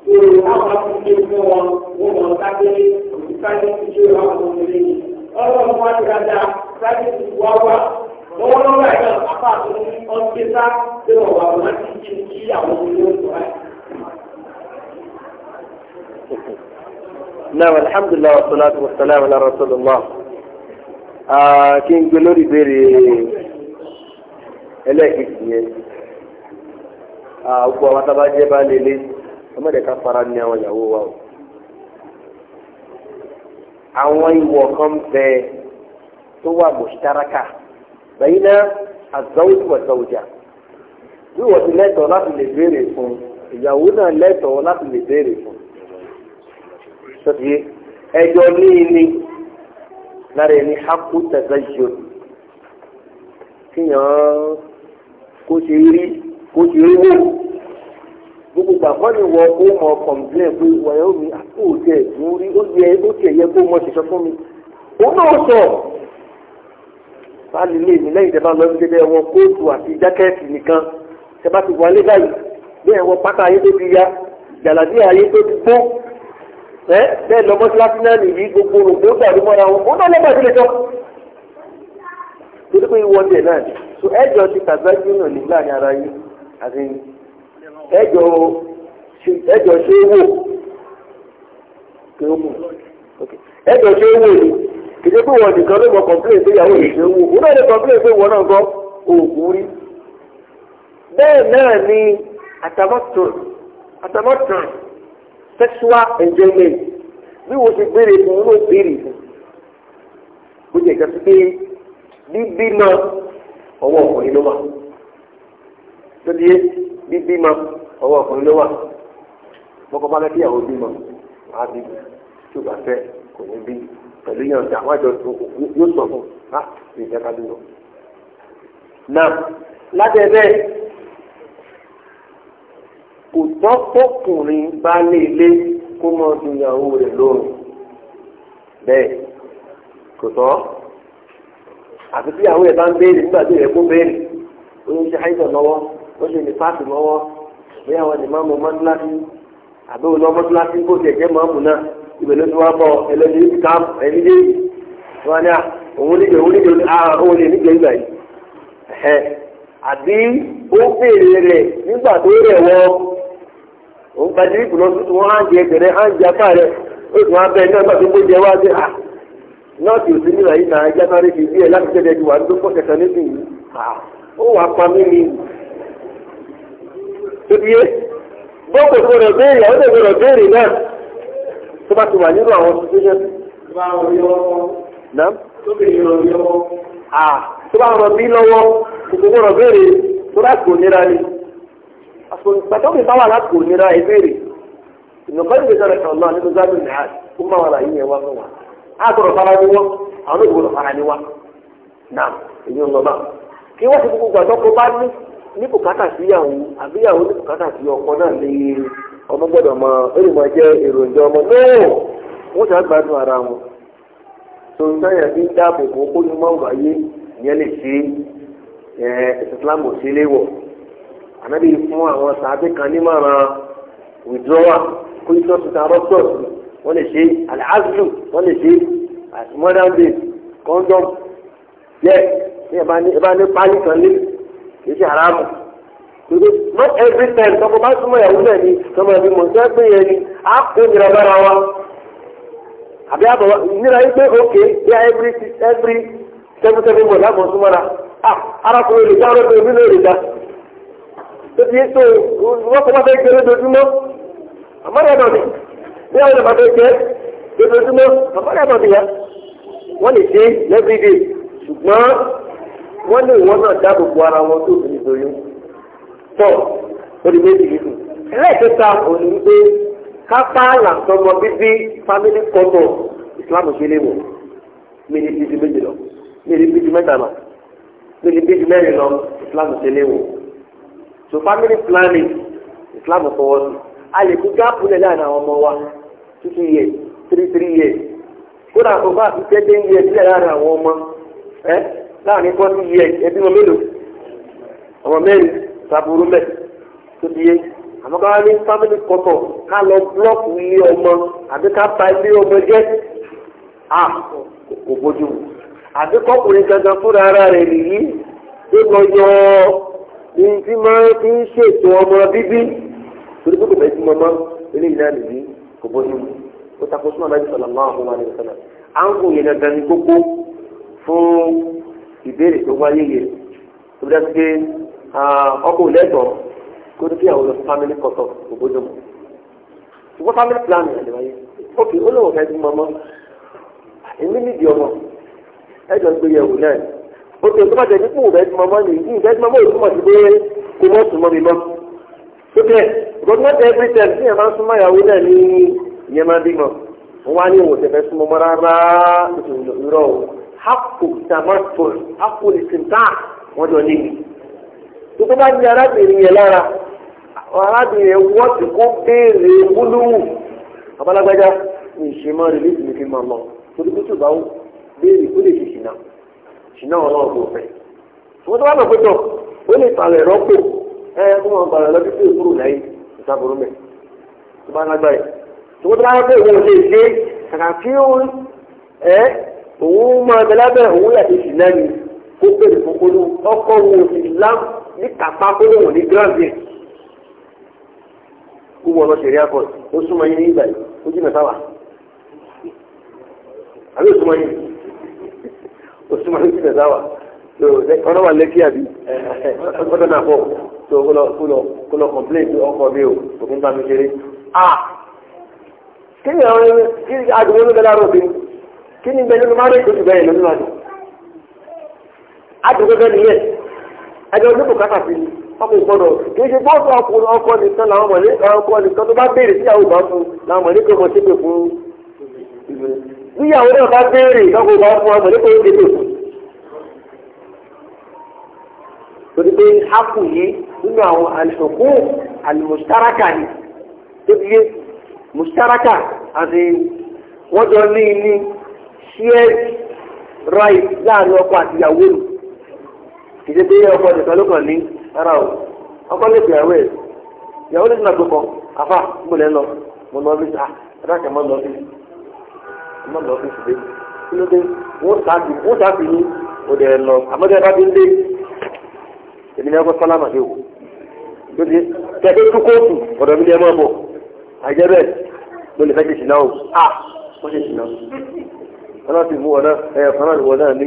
lórí àwọn akúndé fún wọn wọ́n mọ̀ sáké òkúta ní ìṣòro àwọn ọmọ ilé yìí ọlọ́run wá ti dáadáa sáké ti wá wá lọ́wọ́ lọ́wọ́ ẹ̀ka apá àtúntò ọ̀gbẹ́sá pé ọ̀wọ́ àwọn àti ìjì kí àwọn olówó tó wáyé. Náà alhamdulillah wa salatu wa salam ala rasulillah. Kí n gbé lórí ìbéèrè ẹlẹ́ẹ̀kejì yẹn. Gbogbo àwọn tábàjẹ́ bá lélẹ̀, ọmọdé ká fara ní àwọn ìyàwó wa o àwọn ìwọ̀ kan bẹ tó wà mùsítáraka bẹ́yìn náà àzọ́wọ́ ìwọ̀sọ̀wọ́jà bí wọ́n ti lẹ́tọ̀ọ́ láti lè béèrè fún ìyàwó náà lẹ́tọ̀ọ́ láti lè béèrè fún sọ́tìyé ẹjọ́ ní ilé lára ẹni hákú tẹ̀sán kíyàn kó ṣe rí kó ṣe rí wò gbogbo gbàgbọ́ ni wọ́n kó mọ kọ̀m̀pilẹ̀ pé wọ́n yóò mi àpò òjẹ́ ìdúró rí ó yẹ ó tiẹ̀ yẹ kó mọ ṣiṣẹ́ fún mi òun náà sọ̀rọ̀ sáàlì ilé mi lẹ́yìn tẹ́fà lọ́wọ́ ṣe bẹ́ẹ̀ wọ kóòtù àti jákẹ́ẹ̀tì nìkan tẹ́fà ti wọlé báyìí bẹ́ẹ̀ wọ pátá ayé tó ti ya jàlàdí ayé tó ti gbó ẹ bẹ́ẹ̀ lọ mọ́síláṣí náà nìyí gbogbo ògbó tàbí mọ́ra wọn wọn náà lọ́gbà sílẹ̀ tán torí pé ìwọ tẹ̀ náà so ẹjọ ti tàgbájú náà nígbà ní ara yìí àti ẹjọ ẹjọ ṣe é wò kéwòn ẹjọ ṣe é wò ni. kìdí pé wọ́n nìkan ló mọ kọ̀m̀pléǹ pé ìyàwó rẹ̀ ṣe ń náà lè kọ̀m̀pléǹ pé wọ́n náà gbọ́ òògùn rí. bẹ́ẹ̀ náà ni àtàmọ́tàn sexual enjoyment bí wọ́n ṣe béèrè fún un ló béèrè fún un. ó jẹ́ ìkàtí ọwọ́ ọkùnrin ló wà lóde ma ọwọ́ ọkùnrin ló wà mọ́kànlá kí ìyàwó bímọ àá bíbí tí bá fẹ́ kò ní pẹ̀lú yọ̀ǹda wọ́n jọ yóò sọ fún ha ní ìjọba dúró. náà lábẹ́ bẹ́ẹ̀ kò tọ́ fọkùnrin bá lé ilé kó mọ ìyàwó rẹ̀ lóhùn bẹ́ẹ̀ kò tọ́ àfi tí àwọn ẹ̀ bá ń béèrè nígbà tí ẹ̀ kó béèrè ó ń ṣe àìsàn lọ́wọ́ ó ṣe ní páàkì lọ́wọ́ bí àwọn ìmáàmù mọ́tíláṣí àbí olú ọmọtíláṣí kó tiẹ̀ jẹ́ mọ́ọ̀mù náà. ìbẹ̀lẹ̀ tó wá bọ̀ ẹlẹ́dẹ̀ yìí kàn ẹni dé wọn ni òun níjẹ òun níjẹ òun lè níjẹ ìgbà yìí ẹ̀ àbí ó béèrè rẹ̀ nígbà tó rẹ̀ wọ́ òun á jẹ á jẹ apá rẹ̀ ó wá sí à nọ́ọ̀tì òsì yìí náà ẹja fi bí ẹ ju tó bá ti wà nínú àwọn situation. tó bá rọ bí lọ́wọ́. nà. tó bèrè rọ bí lọ́wọ́. à tó bá rọ bí lọ́wọ́ kòkò gbọ́dọ̀ béèrè tó láti ònira ni. àtọ́bí bá wà láti ònira ẹ béèrè. ìnàkọ́ ìgbésẹ̀ sọ̀rọ̀ kan náà nínú gbádùn ní àt kó má wà láyé yẹn wá fún wa. a gbọ́dọ̀ fara ni wọ́n àwọn ò gbọ́dọ̀ fara ni wá. nà èyí ń lọ bá. kí wọ́n ti gbogbo gbàdọ́ kó bá ní ní bùkátà síyàwó àbíyàwó ní sí ọkọ náà lé ọmọ gbọ́dọ̀ mọ ẹni mọ jẹ èròjà ọmọ náà wọn ṣáà gbádùn ara wọn tó ń sáyà bí dáàbò bò kó ní mọ wáyé ìyẹn lè ṣe ẹ Islam ò sí léwọ ànábì fún àwọn sàbẹ kan ní mọ̀ràn wìdúrọ́wà kó ìtọ́ tuntun arọ́pọ̀ wọ́n lè ṣe alhazlu wọ́n lè ṣe modern day condom yẹ ẹ bá ní pálí kan lé kì í ṣe haramu. not every time tọkọ bá súnmọ́ ìyàwó náà ni tọmọ ẹbí mọ̀ sí ẹgbẹ́ yẹn ni kó nira bára wa àbí àbọ̀ nira yìí pé ok yà every every seven seven months súnmọ́ ra ah arákùnrin lè dá lè dá tó wọ́n kọ́ fẹ́ àmọ́rẹ́dọ̀ ni bí àwọn ara wọn tó tọ́ orí méjì yìí dùn. ẹlẹ́ẹ̀kẹta òní wípé kápá làǹtọ́mọ bíbí family photo islam ṣe lé wọ̀ mí ní bíbí méjì lọ mí ní bíbí mẹ́ta lọ mí ní bíbí mẹ́rin lọ islam ṣe lé so family planning islam fọwọ́ sí a lè fi gáàpù lẹ̀ láàrin àwọn ọmọ wa two two years three three years kódà kó bá fi ten ten years sílẹ̀ láàrin àwọn ọmọ ẹ láàrin forty years ẹbí wọn mélòó ọmọ mẹ́rin sábúrú mẹ́ tó di yé àmọ́ ká wá ní family kọ̀tọ̀ ká lọ búlọ́ọ̀kù ilé ọmọ àbí ká ba ilé ọmọ jẹ́ a kò bójú mu àbí kọ́kùnrin gangan fúnra ara rẹ̀ nìyí tó lọ yọ ohun tí máa fi ń ṣètò ọmọ bíbí torí pé kò bẹ́ẹ̀ sí mọ́mọ́ eléyìí náà nìyí kò bójú mu ó takò súnmọ́ náà sọ̀rọ̀ máa fún wa ní ìṣẹ̀lẹ̀ à ń kò yẹn gangan ní kókó fún ìbéèrè tó wáyé yẹn tó dájú pé. Ah, ọkùnrin lẹ́tọ̀ọ́ kó tó kíyàwó lọ sí family court of ògbójúmọ́ ṣùgbọ́n family plan ẹ̀ lẹ́wọ̀n ok ó lóun fẹ́ bí mọ́mọ́ èmi nídìí ọmọ ẹ̀jọ̀ ń gbé yẹ̀wò náà ó ti ọdún bàjẹ́ nípò òbẹ́ bí mọ́mọ́ nìyí ìbẹ́ bí mọ́mọ́ òtún mọ̀ sí pé kó mi tó every time tí yẹn máa náà ní ìyẹn máa wọn wá ní tuntun bá ní arábìnrin yẹn lára arábìnrin wọ́n ti kó béèrè gbólóhùn abalagbájá ní ìṣèmọ́ rẹ̀ lébi nìkan máa torí tó bá wù béèrè kó lè ṣìnà ṣìnà fẹ́. tó lọ ó lè ẹ kó láyé mẹ́ tó bá tó tó lè ṣe kàkà kí òun ẹ òun máa lábẹ́ ní kápá kó lóun ní gírànzì kú wọn lọ sẹ̀rí akọ ó súnmọ́ yín ní ìgbà yìí ó jìnà sáwà àbí ó súnmọ́ yín ó súnmọ́ yín jìnà sáwà tó ọ̀nà wà lẹ́kí àbí ọ̀dọ̀ náà pọ̀ tó kó lọ kó lọ kó lọ complain tó ọkọ mi o kò kí n bá mi ṣeré ah kí ni àwọn ẹni kí ni àdúgbò ló bẹ̀rẹ̀ àrò bíi kí ni bẹ̀rẹ̀ ló máa rẹ̀ tó ti bẹ̀rẹ̀ lọ́dún àdúgbò bẹ̀rẹ̀ nìyẹn. ẹjọ́ ní bùkátà sí ni ọkọ̀ ìgbọ́dọ̀ kì í ṣe bọ́ọ̀sì ọkùnrin nìkan làwọn mọ̀lẹ́ nìkan tó bá béèrè bá fún làwọn mọ̀lẹ́ kò mọ̀ fún náà bá béèrè bá fún torí pé yìí nínú àwọn àlùmùsítáràkà ni tó yé mùsítáràkà àti wọ́n ìdí ọkọ nìkan ló ní ara o ọkọ lè fìyàwó ẹ ìyàwó lè tún àgbẹkọ àfà gbọlẹ lọ mo lọ ọfíìsì à ah, ẹdá kẹ mọ lọ ọfíìsì mọ lọ ọfíìsì dé kí ló dé wọn tàbí wọn tàbí ní òde ẹ lọ àmọdé ẹdá bí ń dé èmi ní ẹkọ sálámà dé o tó kóòtù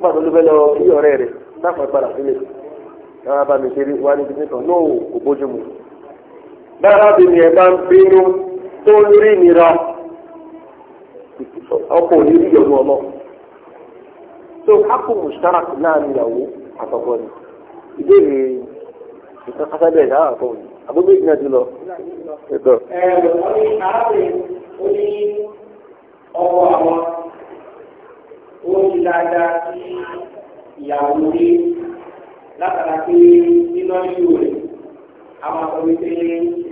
pàtó ló fẹ́ lọ kí ọ̀rẹ́ rẹ̀ dáfà padà sílẹ̀ àwọn abàmì ṣeré wà ní bíbí kan náà kò bójú mu. dára bìnrin ẹ̀ bá ń bínú tó ń rí ìnira ọkọ̀ òní rí ìyọ̀nù ọmọ. so kápò mustarak náà níyàwó àtọkọ ni ìbéèrè ìtàn kásábẹ̀ náà àtọ̀ òní àbúgbé ìgbìyànjú jùlọ. ẹ̀rọ wọn ní arábìnrin ó ní ọkọ àwọn ó ti dáadáa sí ìyàwó rí látara pé nínú yóò rẹ̀ àwọn akọ̀wé pé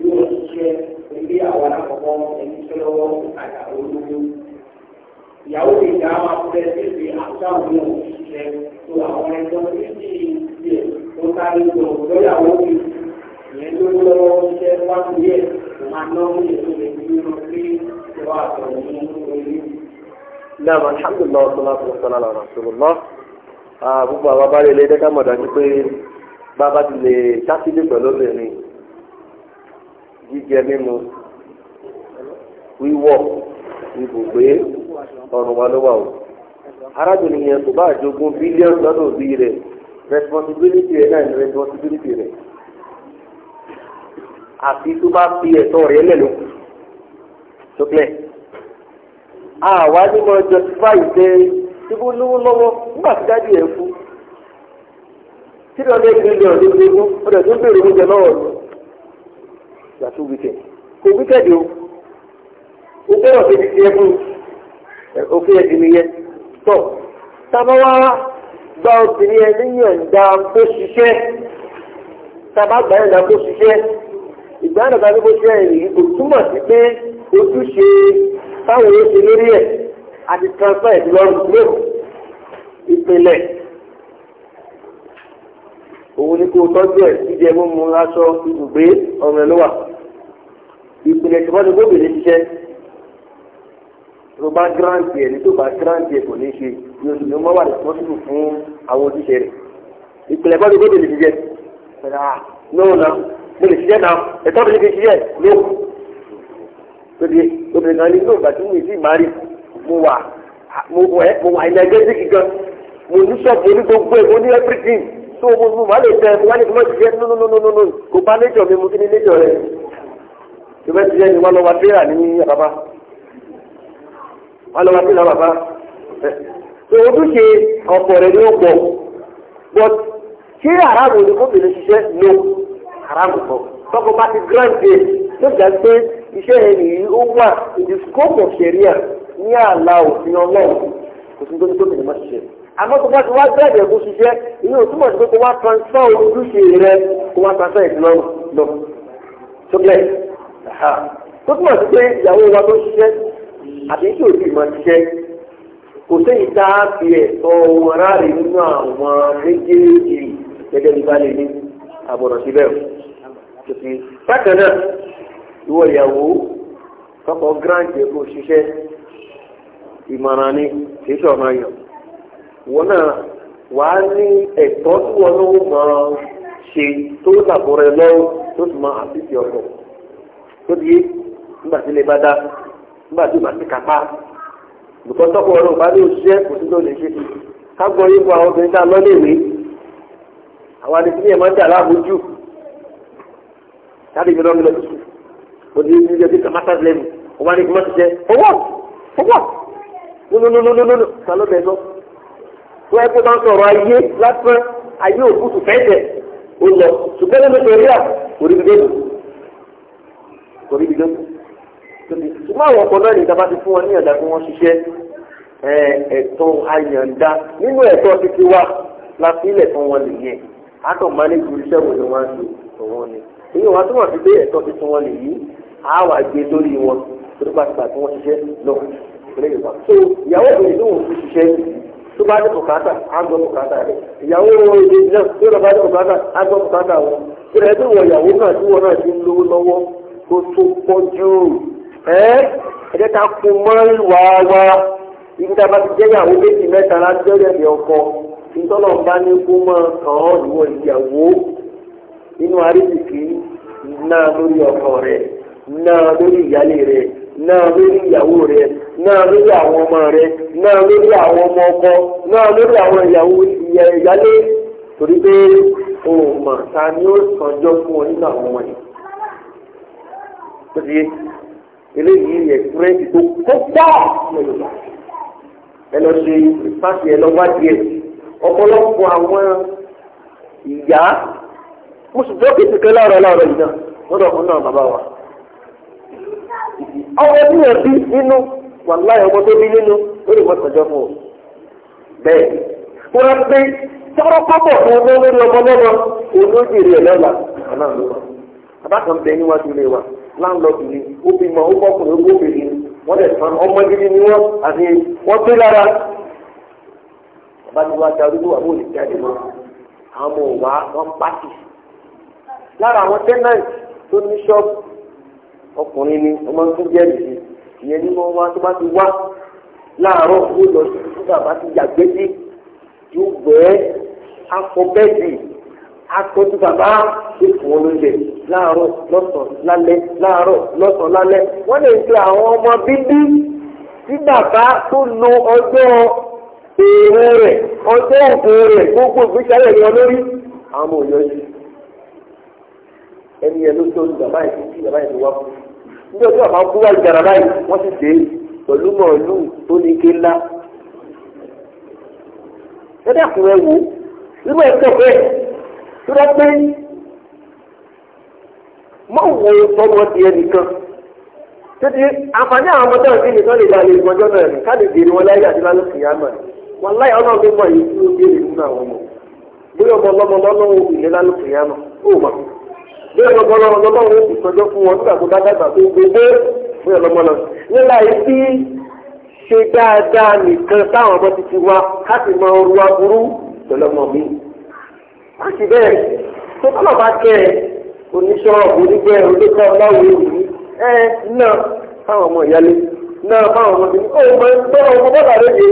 yóò ṣiṣẹ́ ilé àwọn alákọ̀ọ́kọ́ ẹni tó lọ́wọ́ àyàwó lójú. ìyàwó lè dá àwọn akọ̀wé sí ìwé àtúntàwọn náà ṣiṣẹ́ tó àwọn ẹjọ́ méjì ìdílé tó sáré lọ lọ́yàwó mi ìyẹn tó lọ́wọ́ ṣiṣẹ́ wá sí ẹ̀ tó máa náwó ètò ìdílé lọ sí ìwà àtọ̀wọ̀ nínú orí náà alhamdulilayi salatu wa salam ala rasulillah gbogbo àwọn abáre ilé dẹ́ka mọ̀ dájú pé bàbá ti lè sátidé pẹ̀lú obìnrin jíjẹ mímu wíwọ̀ ibùgbé ọ̀rùn wa ló wà o arábìnrin yẹn kò bá jogún bílíọ̀nù lọ́dọ̀ òbí rẹ̀ responsibility rẹ̀ náà ni responsibility rẹ̀ àfi tó bá fi ẹ̀tọ́ rẹ̀ lẹ̀ tó kílẹ̀ àwa ní mo justify pé ibú lówó lọ́wọ́ nígbà tí dájú ẹ̀ fún tí lọ́ọ́ lé mílíọ̀nù ní gbogbo ó dẹ̀ tó béèrè oúnjẹ lọ́wọ́ mi ìgbà tó wíkẹ̀ kò wíkẹ̀ dé o o gbọ́dọ̀ fi ti tiẹ̀ fún òfin ẹ̀dín nìyẹn tọ́ tábà wá gba obìnrin ẹni yọ̀ǹda kó ṣiṣẹ́ tábà gbà yọ̀ǹda kó ṣiṣẹ́ ìgbà yọ̀ǹda kó ṣiṣẹ́ yìí kò túmọ̀ sí pé ojúṣe táwọn yóò ṣe lórí ẹ̀ àti transfer ìdúrọ̀rùn lóòrùn ìpìlẹ̀ òun ni kò tọ́jú ẹ̀ jíjẹ mímu aṣọ ibùgbé ọ̀rọ̀ ẹ̀ ló wà ìpìlẹ̀ tí wọ́n ti gbóbìnrin ṣiṣẹ́ tó bá gírántì ẹ̀ ní tó bá gírántì ẹ̀ kò ní ṣe ní oṣù tó mọ́ wà ní pọ́sibù fún àwọn ojúṣe rẹ̀ ìpìlẹ̀ bọ́dọ̀ gbóbìnrin ṣiṣẹ́ náà mo lè ṣiṣẹ́ náà ẹ̀tọ́ mi ní kí ṣiṣẹ́ lóòrùn tóbi obìnrin kan ní tó ìgbà tí mo sì máa rí mo wà mo wà mo wà energetic gan mo ní sọ́ọ̀bù mo ní ẹ̀ mo ní everything tó mo mo máa lè tẹ mo wá ní kí wọ́n ti jẹ́ no no no no no kò bá nature mi mo kí ni nature rẹ̀ tó bẹ́ẹ̀ ti jẹ́ ni wọ́n lọ wá tẹ́rà ní àbábá wọ́n lọ wá tẹ́rà bàbá tó ojúṣe ọ̀pọ̀ rẹ̀ ni ó pọ̀ but ṣé aráàlú ni kóbìnrin ṣiṣẹ́ no aráàlú kọ́ tọkọ bá ti grant ẹ ló jà pé iṣẹ́ yẹn nìyí ó wà ìdí scope of sharia ní àlà òfin ọlọ́run kò sí nítorí tó bẹ̀rẹ̀ má ṣiṣẹ́ àmọ́ tó bá ti wá bẹ́ẹ̀ yẹ kó ṣiṣẹ́ ìyẹn ò túmọ̀ sí pé kó wá transfer ojúṣe rẹ kó wá transfer ìdúrọ̀rùn lọ sókè tó túmọ̀ sí pé ìyàwó wa tó ṣiṣẹ́ àbí tí òbí máa ṣiṣẹ́ kò sẹ́yìn tá a fi ẹ̀tọ́ wọn ráre nínú àwọn méjèèjì gẹ́gẹ́ bí bá lè ní àbọ̀rọ̀ síbẹ̀ o tòsí bákan náà ìwọ ìyàwó kọ́kọ́ gíráǹdì ẹ̀kọ́ ṣiṣẹ́ ìmọ̀ràn ni kì í ṣọ̀nà yàn wọn náà wàá ní ẹ̀tọ́ tí wọn ló mọ̀ ọ́ ṣe tó làbọ̀rẹ̀ lọ́wọ́ tó sì máa àfihàn ọkọ̀ tó di nígbà tí ilé bá dá nígbà tí màá ti kápá nǹkan tọ́kọ̀ ọ̀rọ̀ bá ní òṣìṣẹ́ kò sí ló lè ṣe ká gbọ́ yín àwọn obìnrin tá a lọ tàbí mi lọ́nà lọ́sùn mo di ní ẹbí kàmáta lẹ́nu mo máa ní kí wọ́n ti jẹ owó owó nínúnúnúnúnú ta ló bẹ̀ẹ́ lọ. wọ́n ẹ kó bá ń sọ̀rọ̀ ayé lásán ayé òkútù fẹ́ẹ̀tẹ̀ ó lọ ṣùgbọ́n nínú ìṣòrí à kò rí bídé kò rí bídé ṣùgbọ́n àwọn ọkọ̀ náà ní ìjọba ti fún wọn ní ẹ̀dá kí wọ́n ṣiṣẹ́ ẹ̀tọ́ ayọ̀ǹda nínú ẹ̀tọ́ títí wa la fi ilẹ̀ fún wọn nìyẹn àtọ̀ mánéjì iṣẹ́ wo ni wọ́n á ṣe òun ni èyí wọn tó wà fi pé ẹ̀tọ́ tuntun wọn lè yí àwa gbé lórí wọn tó bá ti gbà tí wọ́n ṣiṣẹ́ lọ lẹ́yìn wa. so ìyàwó obìnrin ló ń fi ṣiṣẹ́ tó bá ní bùkátà á gbọ́ bùkátà rẹ̀ ìyàwó ilé náà tó lọ bá ní bùkátà á gbọ́ bùkátà wọn. ìrẹ̀ tó wọ ìyàwó náà tí wọn náà ti ń lówó lọ́wọ́ tó tó pọ̀ jù ẹ́ ẹ̀jẹ̀ ká kú mọ́ wá wá ibi tá a bá ti jẹ́ ìyàwó méjì mẹ́ta lájọ́ ìyàwó ọkọ ìtọ́lọ̀ bá ní kú mọ́ kàn án ìwọ ìyàwó nínú àríyìkì náà lórí ọkọ rẹ náà lórí ìyálé rẹ náà lórí ìyàwó rẹ náà lórí àwọn ọmọ rẹ náà lórí àwọn ọmọ ọkọ náà lórí àwọn ìyàwó ìyálé torí pé òun mà ta ni ó sànjọ́ fún ọ nínú àwọn ọmọ yìí. Tóbi eléyìí yẹ fúrẹ́ǹsì tó kọ́kọ́ lọ́yọ̀bá. Ẹ lọ ṣe ìpàṣẹ ẹ lọ wá díẹ̀. Ọ̀pọ̀lọpọ̀ àwọn ìyá mo sì dókè ti kẹ́ láàárọ̀ láàárọ̀ yìí náà lọ́dọ̀ ọkùnrin náà bàbá wa. ọmọ ẹbí rẹ̀ bí nínú wàláyé ọmọ tó bí nínú ó lè mọ ìtọ́jọ́ fún o. bẹ́ẹ̀ mo rà pé tọ́rọ́ pọ́pọ̀ fún ọmọ lórí ọmọ lọ́wọ́ olóòjì rẹ̀ lọ́la ọ̀nà ló wà. bàbá kan bẹ níwájú ilé wa láńlọ́ọ̀dù ni ó fi mọ ó bọ́kùnrin ó bóbìnrin wọ́n dẹ̀ tán ọmọ gidi ni wọ́n àti wọ́n gbé lára. bàbá mi wá darúgbó àbúrò jáde mọ́ àwọn ọmọ òwà wọn pàtì lára àwọn tẹ́nàǹtì tó ní ṣọ́ọ̀bù ọkùnrin ni ọmọ tó jẹ́ nìyí ìyẹn ní wọn wá tó bá ti wá láàárọ̀ ó lọ sí ibi bàbá ti yàgbé sí yóò gbẹ́ akọ bẹ́ẹ̀dì akọ tí bàbá ti fún ọ lóúnjẹ láàárọ̀ lọ́sàn lálẹ́ láàárọ̀ lọ́sàn lálẹ́ wọ́n lè pe àwọn ọmọ bíbí tí bàbá tó lo ọjọ́ èrò rẹ̀ ọjọ́ òkú rẹ̀ gbogbo ìgbésẹ̀ rẹ̀ yọ lórí àwọn ọmọ òyìnbó ẹni yẹn ló tó bàbá yìí tí bàbá yìí wá kú níbi ọjọ́ àbá kú wá ìjàrá báyìí wọ́n sì dé pẹ̀lú mọ̀ọ́lù tó ní ké ńlá. ẹ̀dá kùn ẹ̀ wò nínú ẹ̀kọ́ bẹ́ẹ̀ tó dá pé máa wo tọmọ tiẹ̀ nìkan títí àǹfààní àwọn ọmọdé ọ̀sẹ̀ nìkan lè balẹ̀ ìgbọ́njọ́ náà ní ká lè dèrè wọn láyé àti lálùkù yá mọ̀ wọn láyé ọlọ́run ló mọ̀ yìí tí ó dèrè nínú àwọn ọmọ bóyá ọmọ ọlọ́mọ lọ́lọ́wọ́ òbí lé lálùkù yá mọ̀ ó mọ̀ bí ẹ̀rọ gbọ́dọ̀ lọ́mọ wọn ti pẹ̀jọ́ fún wọn nígbà tó bá dàgbà tó gbogbo fún ẹ̀rọ mọ́nà. nígbà yìí tí ṣe dáadáa nìkan táwọn ọmọ ti ti wá káàkiri máa ń ruwa burú pẹ̀lú ọmọ mi. wọ́n sì bẹ́ẹ̀ tó kọ́nà bá kẹ́ ẹ oníṣọ́ọ̀bù onígbẹ́ olókọ́ ọláwọ̀ èyí ẹ náà fáwọn ọmọ ìyálé náà fáwọn ọmọ tèmi ó mọ ẹgbẹ́ ọmọ bọ́lá lóye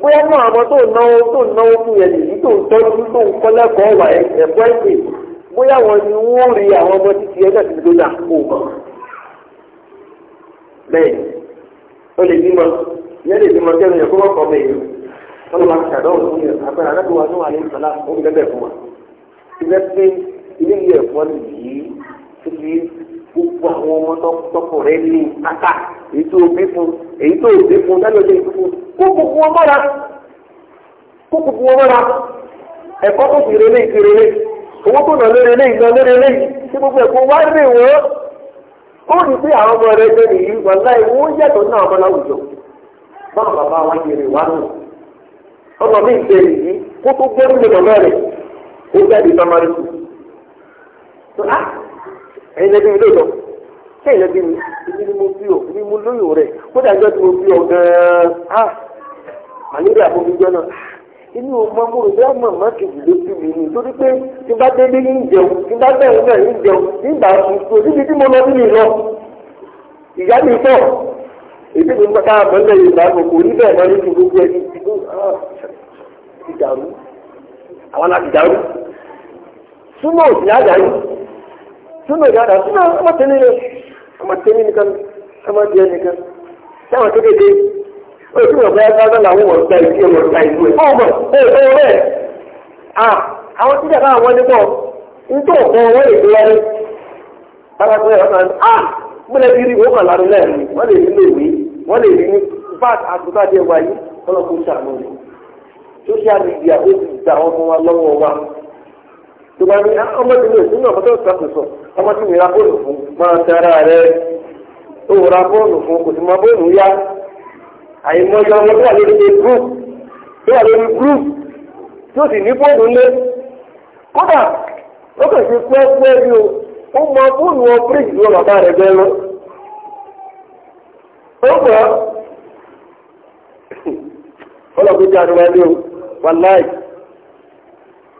bóyá náà àwọn tó náwó tó náwó fún yẹn nìyí tó ń tọ́jú tó ń kọ́ lẹ́kọ̀ọ́ wà ẹ̀kọ́ ẹ̀sìn bóyá wọn ni wọ́n rí àwọn ọmọ títí ẹgbẹ́ tí ló dà kó mọ́. bẹ́ẹ̀ ó lè bímọ yẹn lè bímọ kẹ́rin yẹn kó wọ́n kọ́ bẹ́ẹ̀ yìí wọ́n lọ́ máa ti ṣàdánwò fún yẹn àpẹẹrẹ adájọ́ wa ní wà ní ìsọ̀lá ó ń bẹ́ẹ̀ fún wa. ìgbẹ́ pé ilé ìyẹ̀ ẹ̀fọ́ nìyí títí gbogbo àwọn ọmọ tọkọ rẹ ní ata èyí tó bí fún èyí tó bí fún dáná lè fún kó gbogbo wọn mọ́ra kó gbogbo wọn mọ́ra ẹ̀kọ́ tó fi relé ìfi relé. owó tó nà lórí eléyìí nà lórí eléyìí tí gbogbo ẹ̀kọ́ wá rè wọ́n ó rí pé àwọn ọmọ rẹ jẹ nìyí wà láì wọ́n yàtọ̀ náà ọmọ láwùjọ bàbá wa yèrè wá nù ọmọ mi ìgbẹ́ yìí kó tó gbẹ́rù lè lọ́mọ rẹ̀ ó jáde sọmọrí kù á ah, ẹ̀yin mi lóòótọ́ ṣé ẹ̀yin ibi ni mo o ibi mo lóyò rẹ̀ kó dàgbẹ́ tí mo o gan-an ah, àníbi náà. inú ọmọ mo rò bẹ́ẹ̀ mọ̀ má kejì lójú mi ni torí pé tí bá délé yín jẹun tí bá bẹ̀rù náà yín jẹun nígbà tuntun níbi tí mo lọ nílùú lọ ìyá mi tọ̀ èdè mi pátá àmọ́lẹ̀ yorùbá gbogbo orí bẹ́ẹ̀ máa ń ju gbogbo ẹni ti dàrú àwọn láti dàrú súnmọ́ òsì àdàrú súnmọ́ òsì àdàrú súnmọ́ ọmọ tẹ́lẹ̀ ọmọ tẹ́lẹ̀ nìkan ọmọ tẹ́lẹ̀ nìkan táwọn tó dédé òtún si ẹgbẹ́ a wọ̀ gba ìdí ọ̀rọ̀ gba ìlú ẹ̀. ọmọ ẹ̀rọ rẹ̀ à àwọn tí dàgbà àwọn nípọ̀ nítorí ọ̀gá ọwọ́ èdè wa ni bàbá tó yẹ wọn à bí rí wọ́n lè rí wọ́n lè rí wáyé ó ti ọmọ wa àìmọye ọmọ tó wà lórí ṣe group tó wà lórí group tí ó sì ní fóònù lé kódà ó kàn ṣe pẹ́ẹ́pẹ́ rí o ó mọ fóònù wọn bíríìjì lọ bàbá rẹ̀ bẹ́ẹ̀ lọ. ó gbọ́ ọlọ́pàá jẹ́ àdúrà ní o wàláì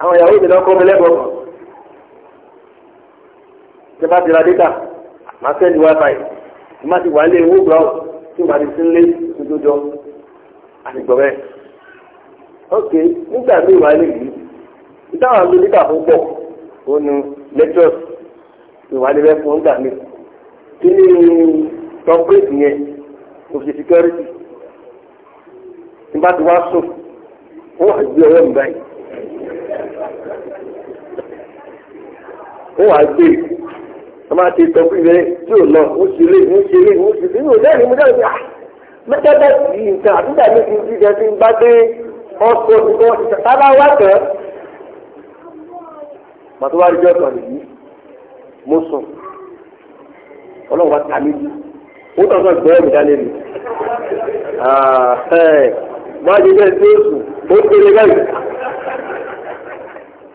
àwọn ìyàwó ìdílé ọkọ mi lẹ́gbọ̀ọ́ kan tí bá ti ra data máa fẹ́ ní wifi tí má ti wà lé owó gbọ́ tí o bá ti sílé tuntun jọ àtìgbọ́ bẹ́ẹ̀. ok nígbà tí ìwà ilé yìí ìtàwọn àgbẹ̀ nígbà fún pọ̀ ó nu lectures ìwà ilé bẹ́ẹ̀ fún gbà mí kí ni corporate yẹn kò security nígbà tí wàá sùn ó wà gbé ọwọ́ mi báyìí ó wà gbé a máa ti tọ́kùn rẹ̀ tí ò lọ ó ṣe lé ó ṣe lé ó ṣe lé ó lẹ́rìí mo dáhùn pé ah mẹ́tẹ́ẹ̀tẹ́ yìí nǹkan àtúntà mi ti fi jẹ́ bá dé ọkọ̀ ìgbọ́ ìtàkàlà wà tẹ̀. màtó wá rí jọ́ kan nìyí mo sùn ọlọ́run wá tà mí jù ó tọ́jú ìgbọ́ mi dálé mi. máa jẹ bẹ́ẹ̀ tí ó sùn ó kéré báyìí.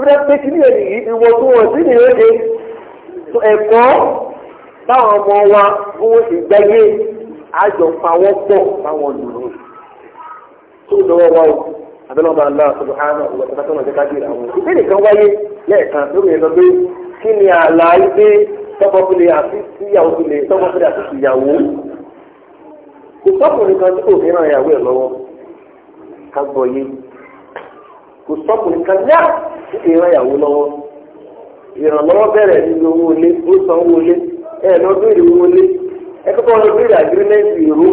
ìrẹ́ pé kí ní èyí ìwọ̀ntúnwọ̀nsí ni ó ṣe ẹ̀kọ́ báwọn ọmọ wa bó ìgbẹ́yé àjọpawọ́ pọ̀ báwọn lòlò tó lọ́wọ́ wa o abẹ́lọ́ba ńlá tó lọ́jọ́ kájí àwọn ìbéèrè lẹ́ẹ̀kan lórí pé kí ni àti àti kò sọ́kùnrin kan tí kò fẹ́ràn kò sọ́kùnrin kan yá tí kì í ran ìyàwó lọ́wọ́ ìrànlọ́wọ́ bẹ̀rẹ̀ níbi owó ilé ó san owó ilé ẹ lọ béèrè owó ilé ẹ kọ́kọ́ lọ béèrè agirimẹ́ntì ìró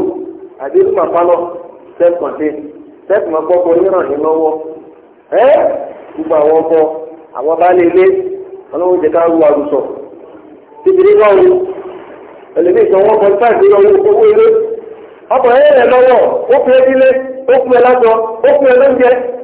àdéhùn màpálọ̀ sẹ́kọ̀ndé sẹ́kùn máa gbọ́kọ yíràn ní lọ́wọ́ ẹ gbogbo àwọn ọkọ àwọn baálé ilé ọlọ́run jẹ ká ru àrùsọ títí náà wò ẹlẹ́bí ìtàn wọn ìdílé owó ilé ọkọ̀ ẹ̀ lọ́wọ́ ó fi ẹ́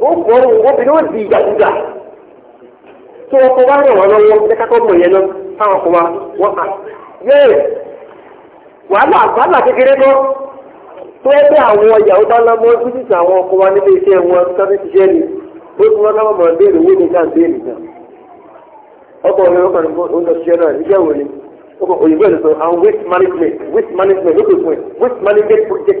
ó pọ̀ obìnrin ó di ìjàkújà tí wọ́n kó bá ràn wọ́n lọ́wọ́ ní mọ̀ yẹn náà táwọn kó wa wọ́n kà yẹ́ẹ̀ wàhálà wàhálà kékeré kọ́ tó ẹ bẹ́ àwọn bá àwọn ọkọ wa nílé iṣẹ́ wọn sábẹ́ ti jẹ́ ni ó ti wọ́n láwọn béèrè owó ní káà béèrè náà ọkọ̀ òyìnbó kan ó lọ ṣiṣẹ́ náà ni ọkọ̀ òyìnbó ẹ̀ àwọn waste management waste management ló fún waste management project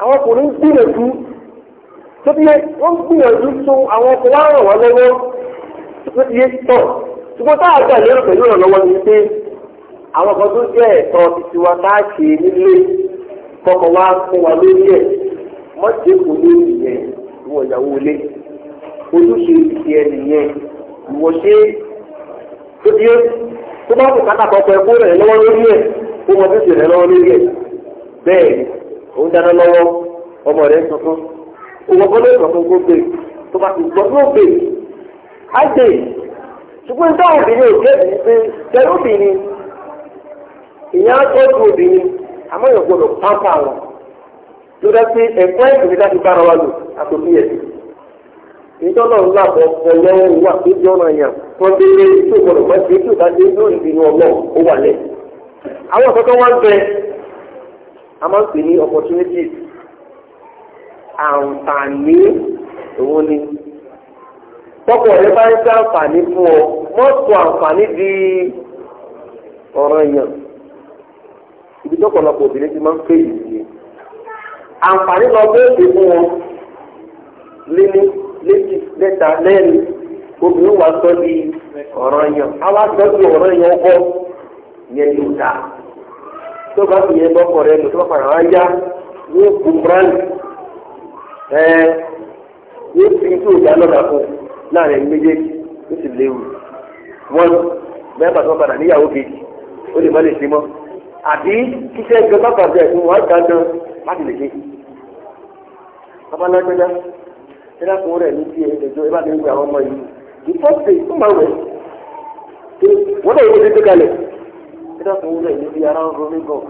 àwọn ọkùnrin ń gbìyànjú tó bí wọ́n gbìyànjú tó àwọn ọkùnrin wá ràn wá lọ́wọ́ tó ti yé tọ̀ ṣùgbọ́n táà gbà lérò pẹ̀lú ìrànlọ́wọ́ ni pé àwọn kan tó jẹ́ ẹ̀tọ́ tiwa tá a ṣe nílé kọ́kọ́ wá fún wa lórí ẹ̀ mọ́tì kò ní ìyẹn ìwọ ìyàwó ilé ojúṣe ìṣe ẹ nìyẹn ìwọ ṣe tó bí tó bá kò kátàkọ́ pẹ̀ kó rẹ̀ lọ́wọ́ lórí ẹ̀ kó mọ òun dáná lọ́wọ́ ọmọ rẹ̀ tuntun òun ọkọ tó bá ti gbọ́ yóò gbé á gbé ṣùgbọ́n obìnrin ò pé obìnrin ìyá tọ́jú obìnrin pápá wọn ló dá sí ẹ̀kọ́ bára wa lò àtòkí ọlọ́wọ́ wà tó jẹ́ ọ̀nà yàn wọ́n sí a máa ń pè ní opportunities àǹfààní òun ni tọ́pọ̀ rẹ bá ń ṣe àǹfààní fún ọ mọ́tò àǹfààní di ọ̀ràn èèyàn ibi tó pọ̀lọpọ̀ obìnrin ti máa ń pè yìí ni àǹfààní lọ bẹ́ẹ̀ fún wọn léní létí lẹ́ta lẹ́ẹ̀ni obìnrin wa sọ di ọ̀ràn èèyàn àwa sọ di ọ̀ràn èèyàn ọkọ yẹn ló dáa tó bá fi yẹn bọ́kọ̀ rẹ lò tó bá padà wá yá ní òkú brand ẹ ní fi tó ìjà lọ́dà fún láàrin méjèèjì ó sì léwu wọn mẹ́fà tó padà níyàwó kejì ó lè má lè ṣe mọ́ àbí kíkẹ́ ìjọba bàbá ẹ̀sùn wọn gbà dán láti lè ṣe. babalágbẹ́dá ẹ̀dá kan rẹ̀ ní tiẹ̀ ẹ̀jọ́ ẹ bá ti ń gbé àwọn ọmọ yìí ìfọ́sẹ̀ ìfọ́mọ̀wẹ̀ wọ́n náà yóò ti tó kalẹ̀ ẹ̀dá tó wúlò ìlú bíi ara ń ro mí gan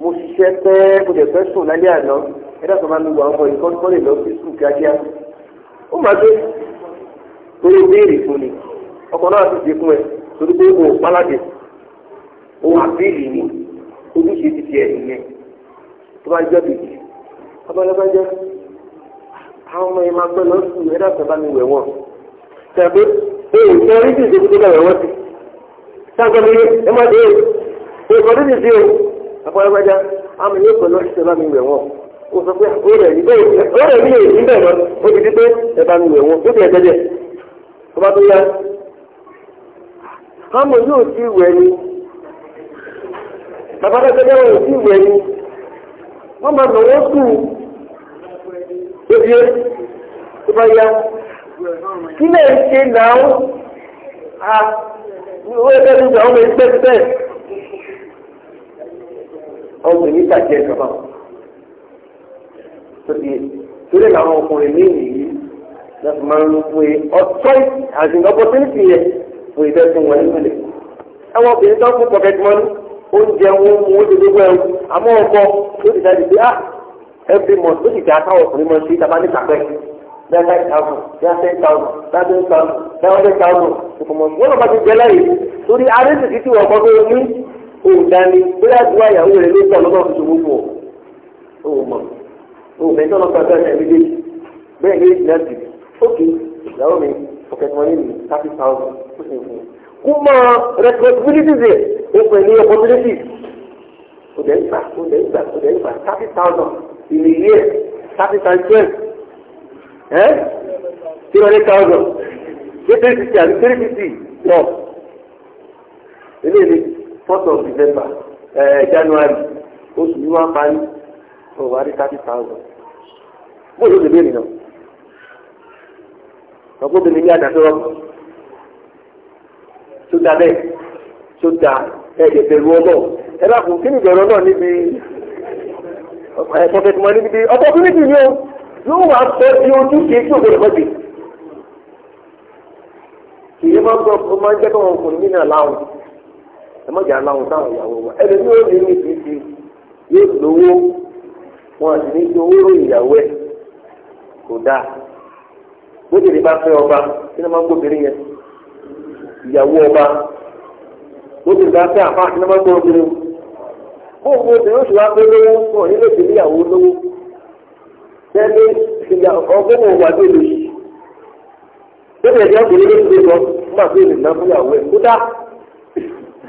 mo ṣiṣẹ́ pẹ́ mo dẹ̀ fẹ́ sùn lálẹ́ àná ẹ̀dá tó máa ń lu àwọn ọmọ ìkọ́ tó lè lọ sí sùn kíákíá ó máa dé torí béèrè fún ni ọkọ̀ náà ti dìkún ẹ̀ torí pé o páládé o àbílì ni ojúṣe ti tiẹ̀ nìyẹn tó bá jẹ́ bìbì abalagbájá àwọn ọmọ yẹn máa gbọ́ lọ sùn ẹ̀dá tó bá mi wẹ̀ wọ́n tàbí èyí tó rí ti ìṣèkúté bẹ̀rẹ̀ wọ́n ti sáà èkó ní ti o àpọ̀lọpọ̀já àmì yóò pẹ̀lú ọ̀ṣẹ́ bá mi wẹ̀ wọ́n o sọ pé ó rẹ̀ níbẹ̀ o rẹ̀ níbẹ̀ níbẹ̀ lọ ti di pé ẹ bá mi wẹ̀ wọ́n ó ti ẹ̀ tẹ́jẹ̀ tó bá tó yá àmì yóò ti wẹ̀ ni bàbá tó tẹ́jẹ́ wọn ti wẹ̀ ni wọ́n máa nà wọ́n bá yá kí ah, lè ṣe ọkùnrin tàjẹ́ ìjọba torí làwọn ọkùnrin ní ìyí láti máa ń pe ọ̀tọ́ àti ọpọtẹ́nìtì yẹn fún ìfẹ́ fún wọn nílẹ̀ àwọn obìnrin tó ń fún pọkẹtì wọn oúnjẹ wọn mú oúnjẹ gbogbo ẹ̀rù àmọ́ ọkọ tó ti dájú pé ah every month tó ti dá káwọn ọkùnrin mọ sí tàbá ní kàpẹ́ bí a ká ìtàwọn bí a fẹ́ ìtàwọn bí a fẹ́ ìtàwọn bí a fẹ́ ìtàwọn ìfọmọ̀sí wọn lọ bá ti jẹ lẹ́yìn torí arẹ́sì títí o dání bóyá àdúrà ìyàwó rẹ ló tọ̀ lọ́mọ fi ṣòwò pọ̀ o mọ̀ o mẹ́ tọ́ lọ́pàá gbọ́dọ̀ ẹ̀mí dé bẹ́ẹ̀ ní ìdílé ti ókè ìyàwó mi ọ̀kẹ́ tí wọ́n ní thirty thousand ó sì fún un. kú mọ responsibilities yẹ o pè ní opportunities o dẹ̀ gbà o dẹ̀ gbà o dẹ̀ gbà thirty thousand in a year thirty thousand. twelve ẹ́ three hundred thousand three fifty and three fifty lọ. Ilé fourth of december ẹ eh, january oṣù yìí wọ́n parí ọ̀wá rí thirty thousand bó ló lè béèrè náà ọgbọ́nbìnrin ní àdàtọ́ ọkọ̀ tó da bẹ́ẹ̀ tó da ẹ̀jẹ̀ bẹ̀rù ọlọ́ ẹ bá kún kí ni ìbẹ̀rù ọlọ́ níbi ẹ̀kọ́ tẹ̀tùmọ́ níbi opportunity ni o yóò wá sọ di ojú kìí tí òbẹ̀rẹ̀ mọ́ bì kìí máa ń gbọ́ máa ń jẹ́ kọ́ ọkùnrin nínú àláwọ̀. ẹ má jà láwọn táwọn ìyàwó wa ẹni tí ó lè ní ìfìsí yóò lówó wọn àti ní kí owó ròyìn ìyàwó ẹ kò dáa bójúde bá fẹ́ ọba kí ni máa ń yẹn ìyàwó ọba bójúde bá fẹ́ àfa kí ni oṣù wa pé lówó ìyàwó lówó ọgbọ́n mọ̀ fún fún ìyàwó kó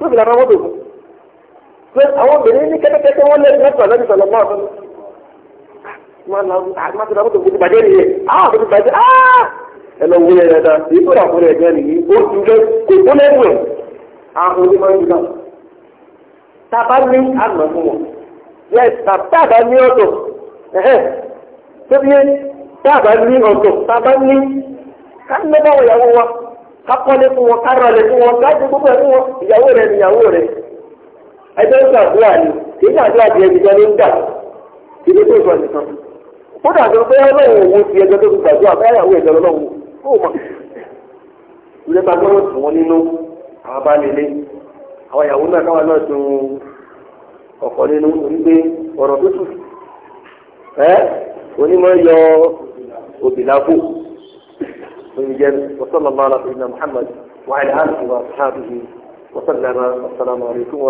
tó fi làwọn mọ́tò fún pé àwọn obìnrin ní kẹ́tẹ́kẹ́tẹ́ wọ́n lẹ́sìn mẹ́fà lẹ́sìn sọ̀rọ̀ mọ́ ọ̀tọ́ máa ti làwọn mọ́tò fún ti bàjẹ́ nìyẹn áà tó ti bàjẹ́ ẹ lọ wúlẹ̀ rẹ̀ dá ní àná fún wọn yẹ tábà ní ọ̀tọ̀ ẹ̀hẹ́ tó bí tábà ní ọ̀tọ̀ tábà ní ká ń lọ́wọ́ ìyàwó wa kakọ́lé fún wọn kárọ̀lé fún wọn káàdì gbogbo ẹ̀ fún wọn ìyàwó rẹ̀ níyàwó rẹ̀ e. ń gbàdúrà ni kì í gbàdúrà di ẹbí ya ń gbà kí ló tó sọ nìkan ó dàbí pé òun ti tó gbàdúrà ìyàwó ẹ̀jọ́ lọ́wọ́ gbọ́dọ̀ nínú àwọn ويجل وصلى الله على سيدنا محمد وعلى آله وأصحابه وسلم والسلام عليكم ورحمة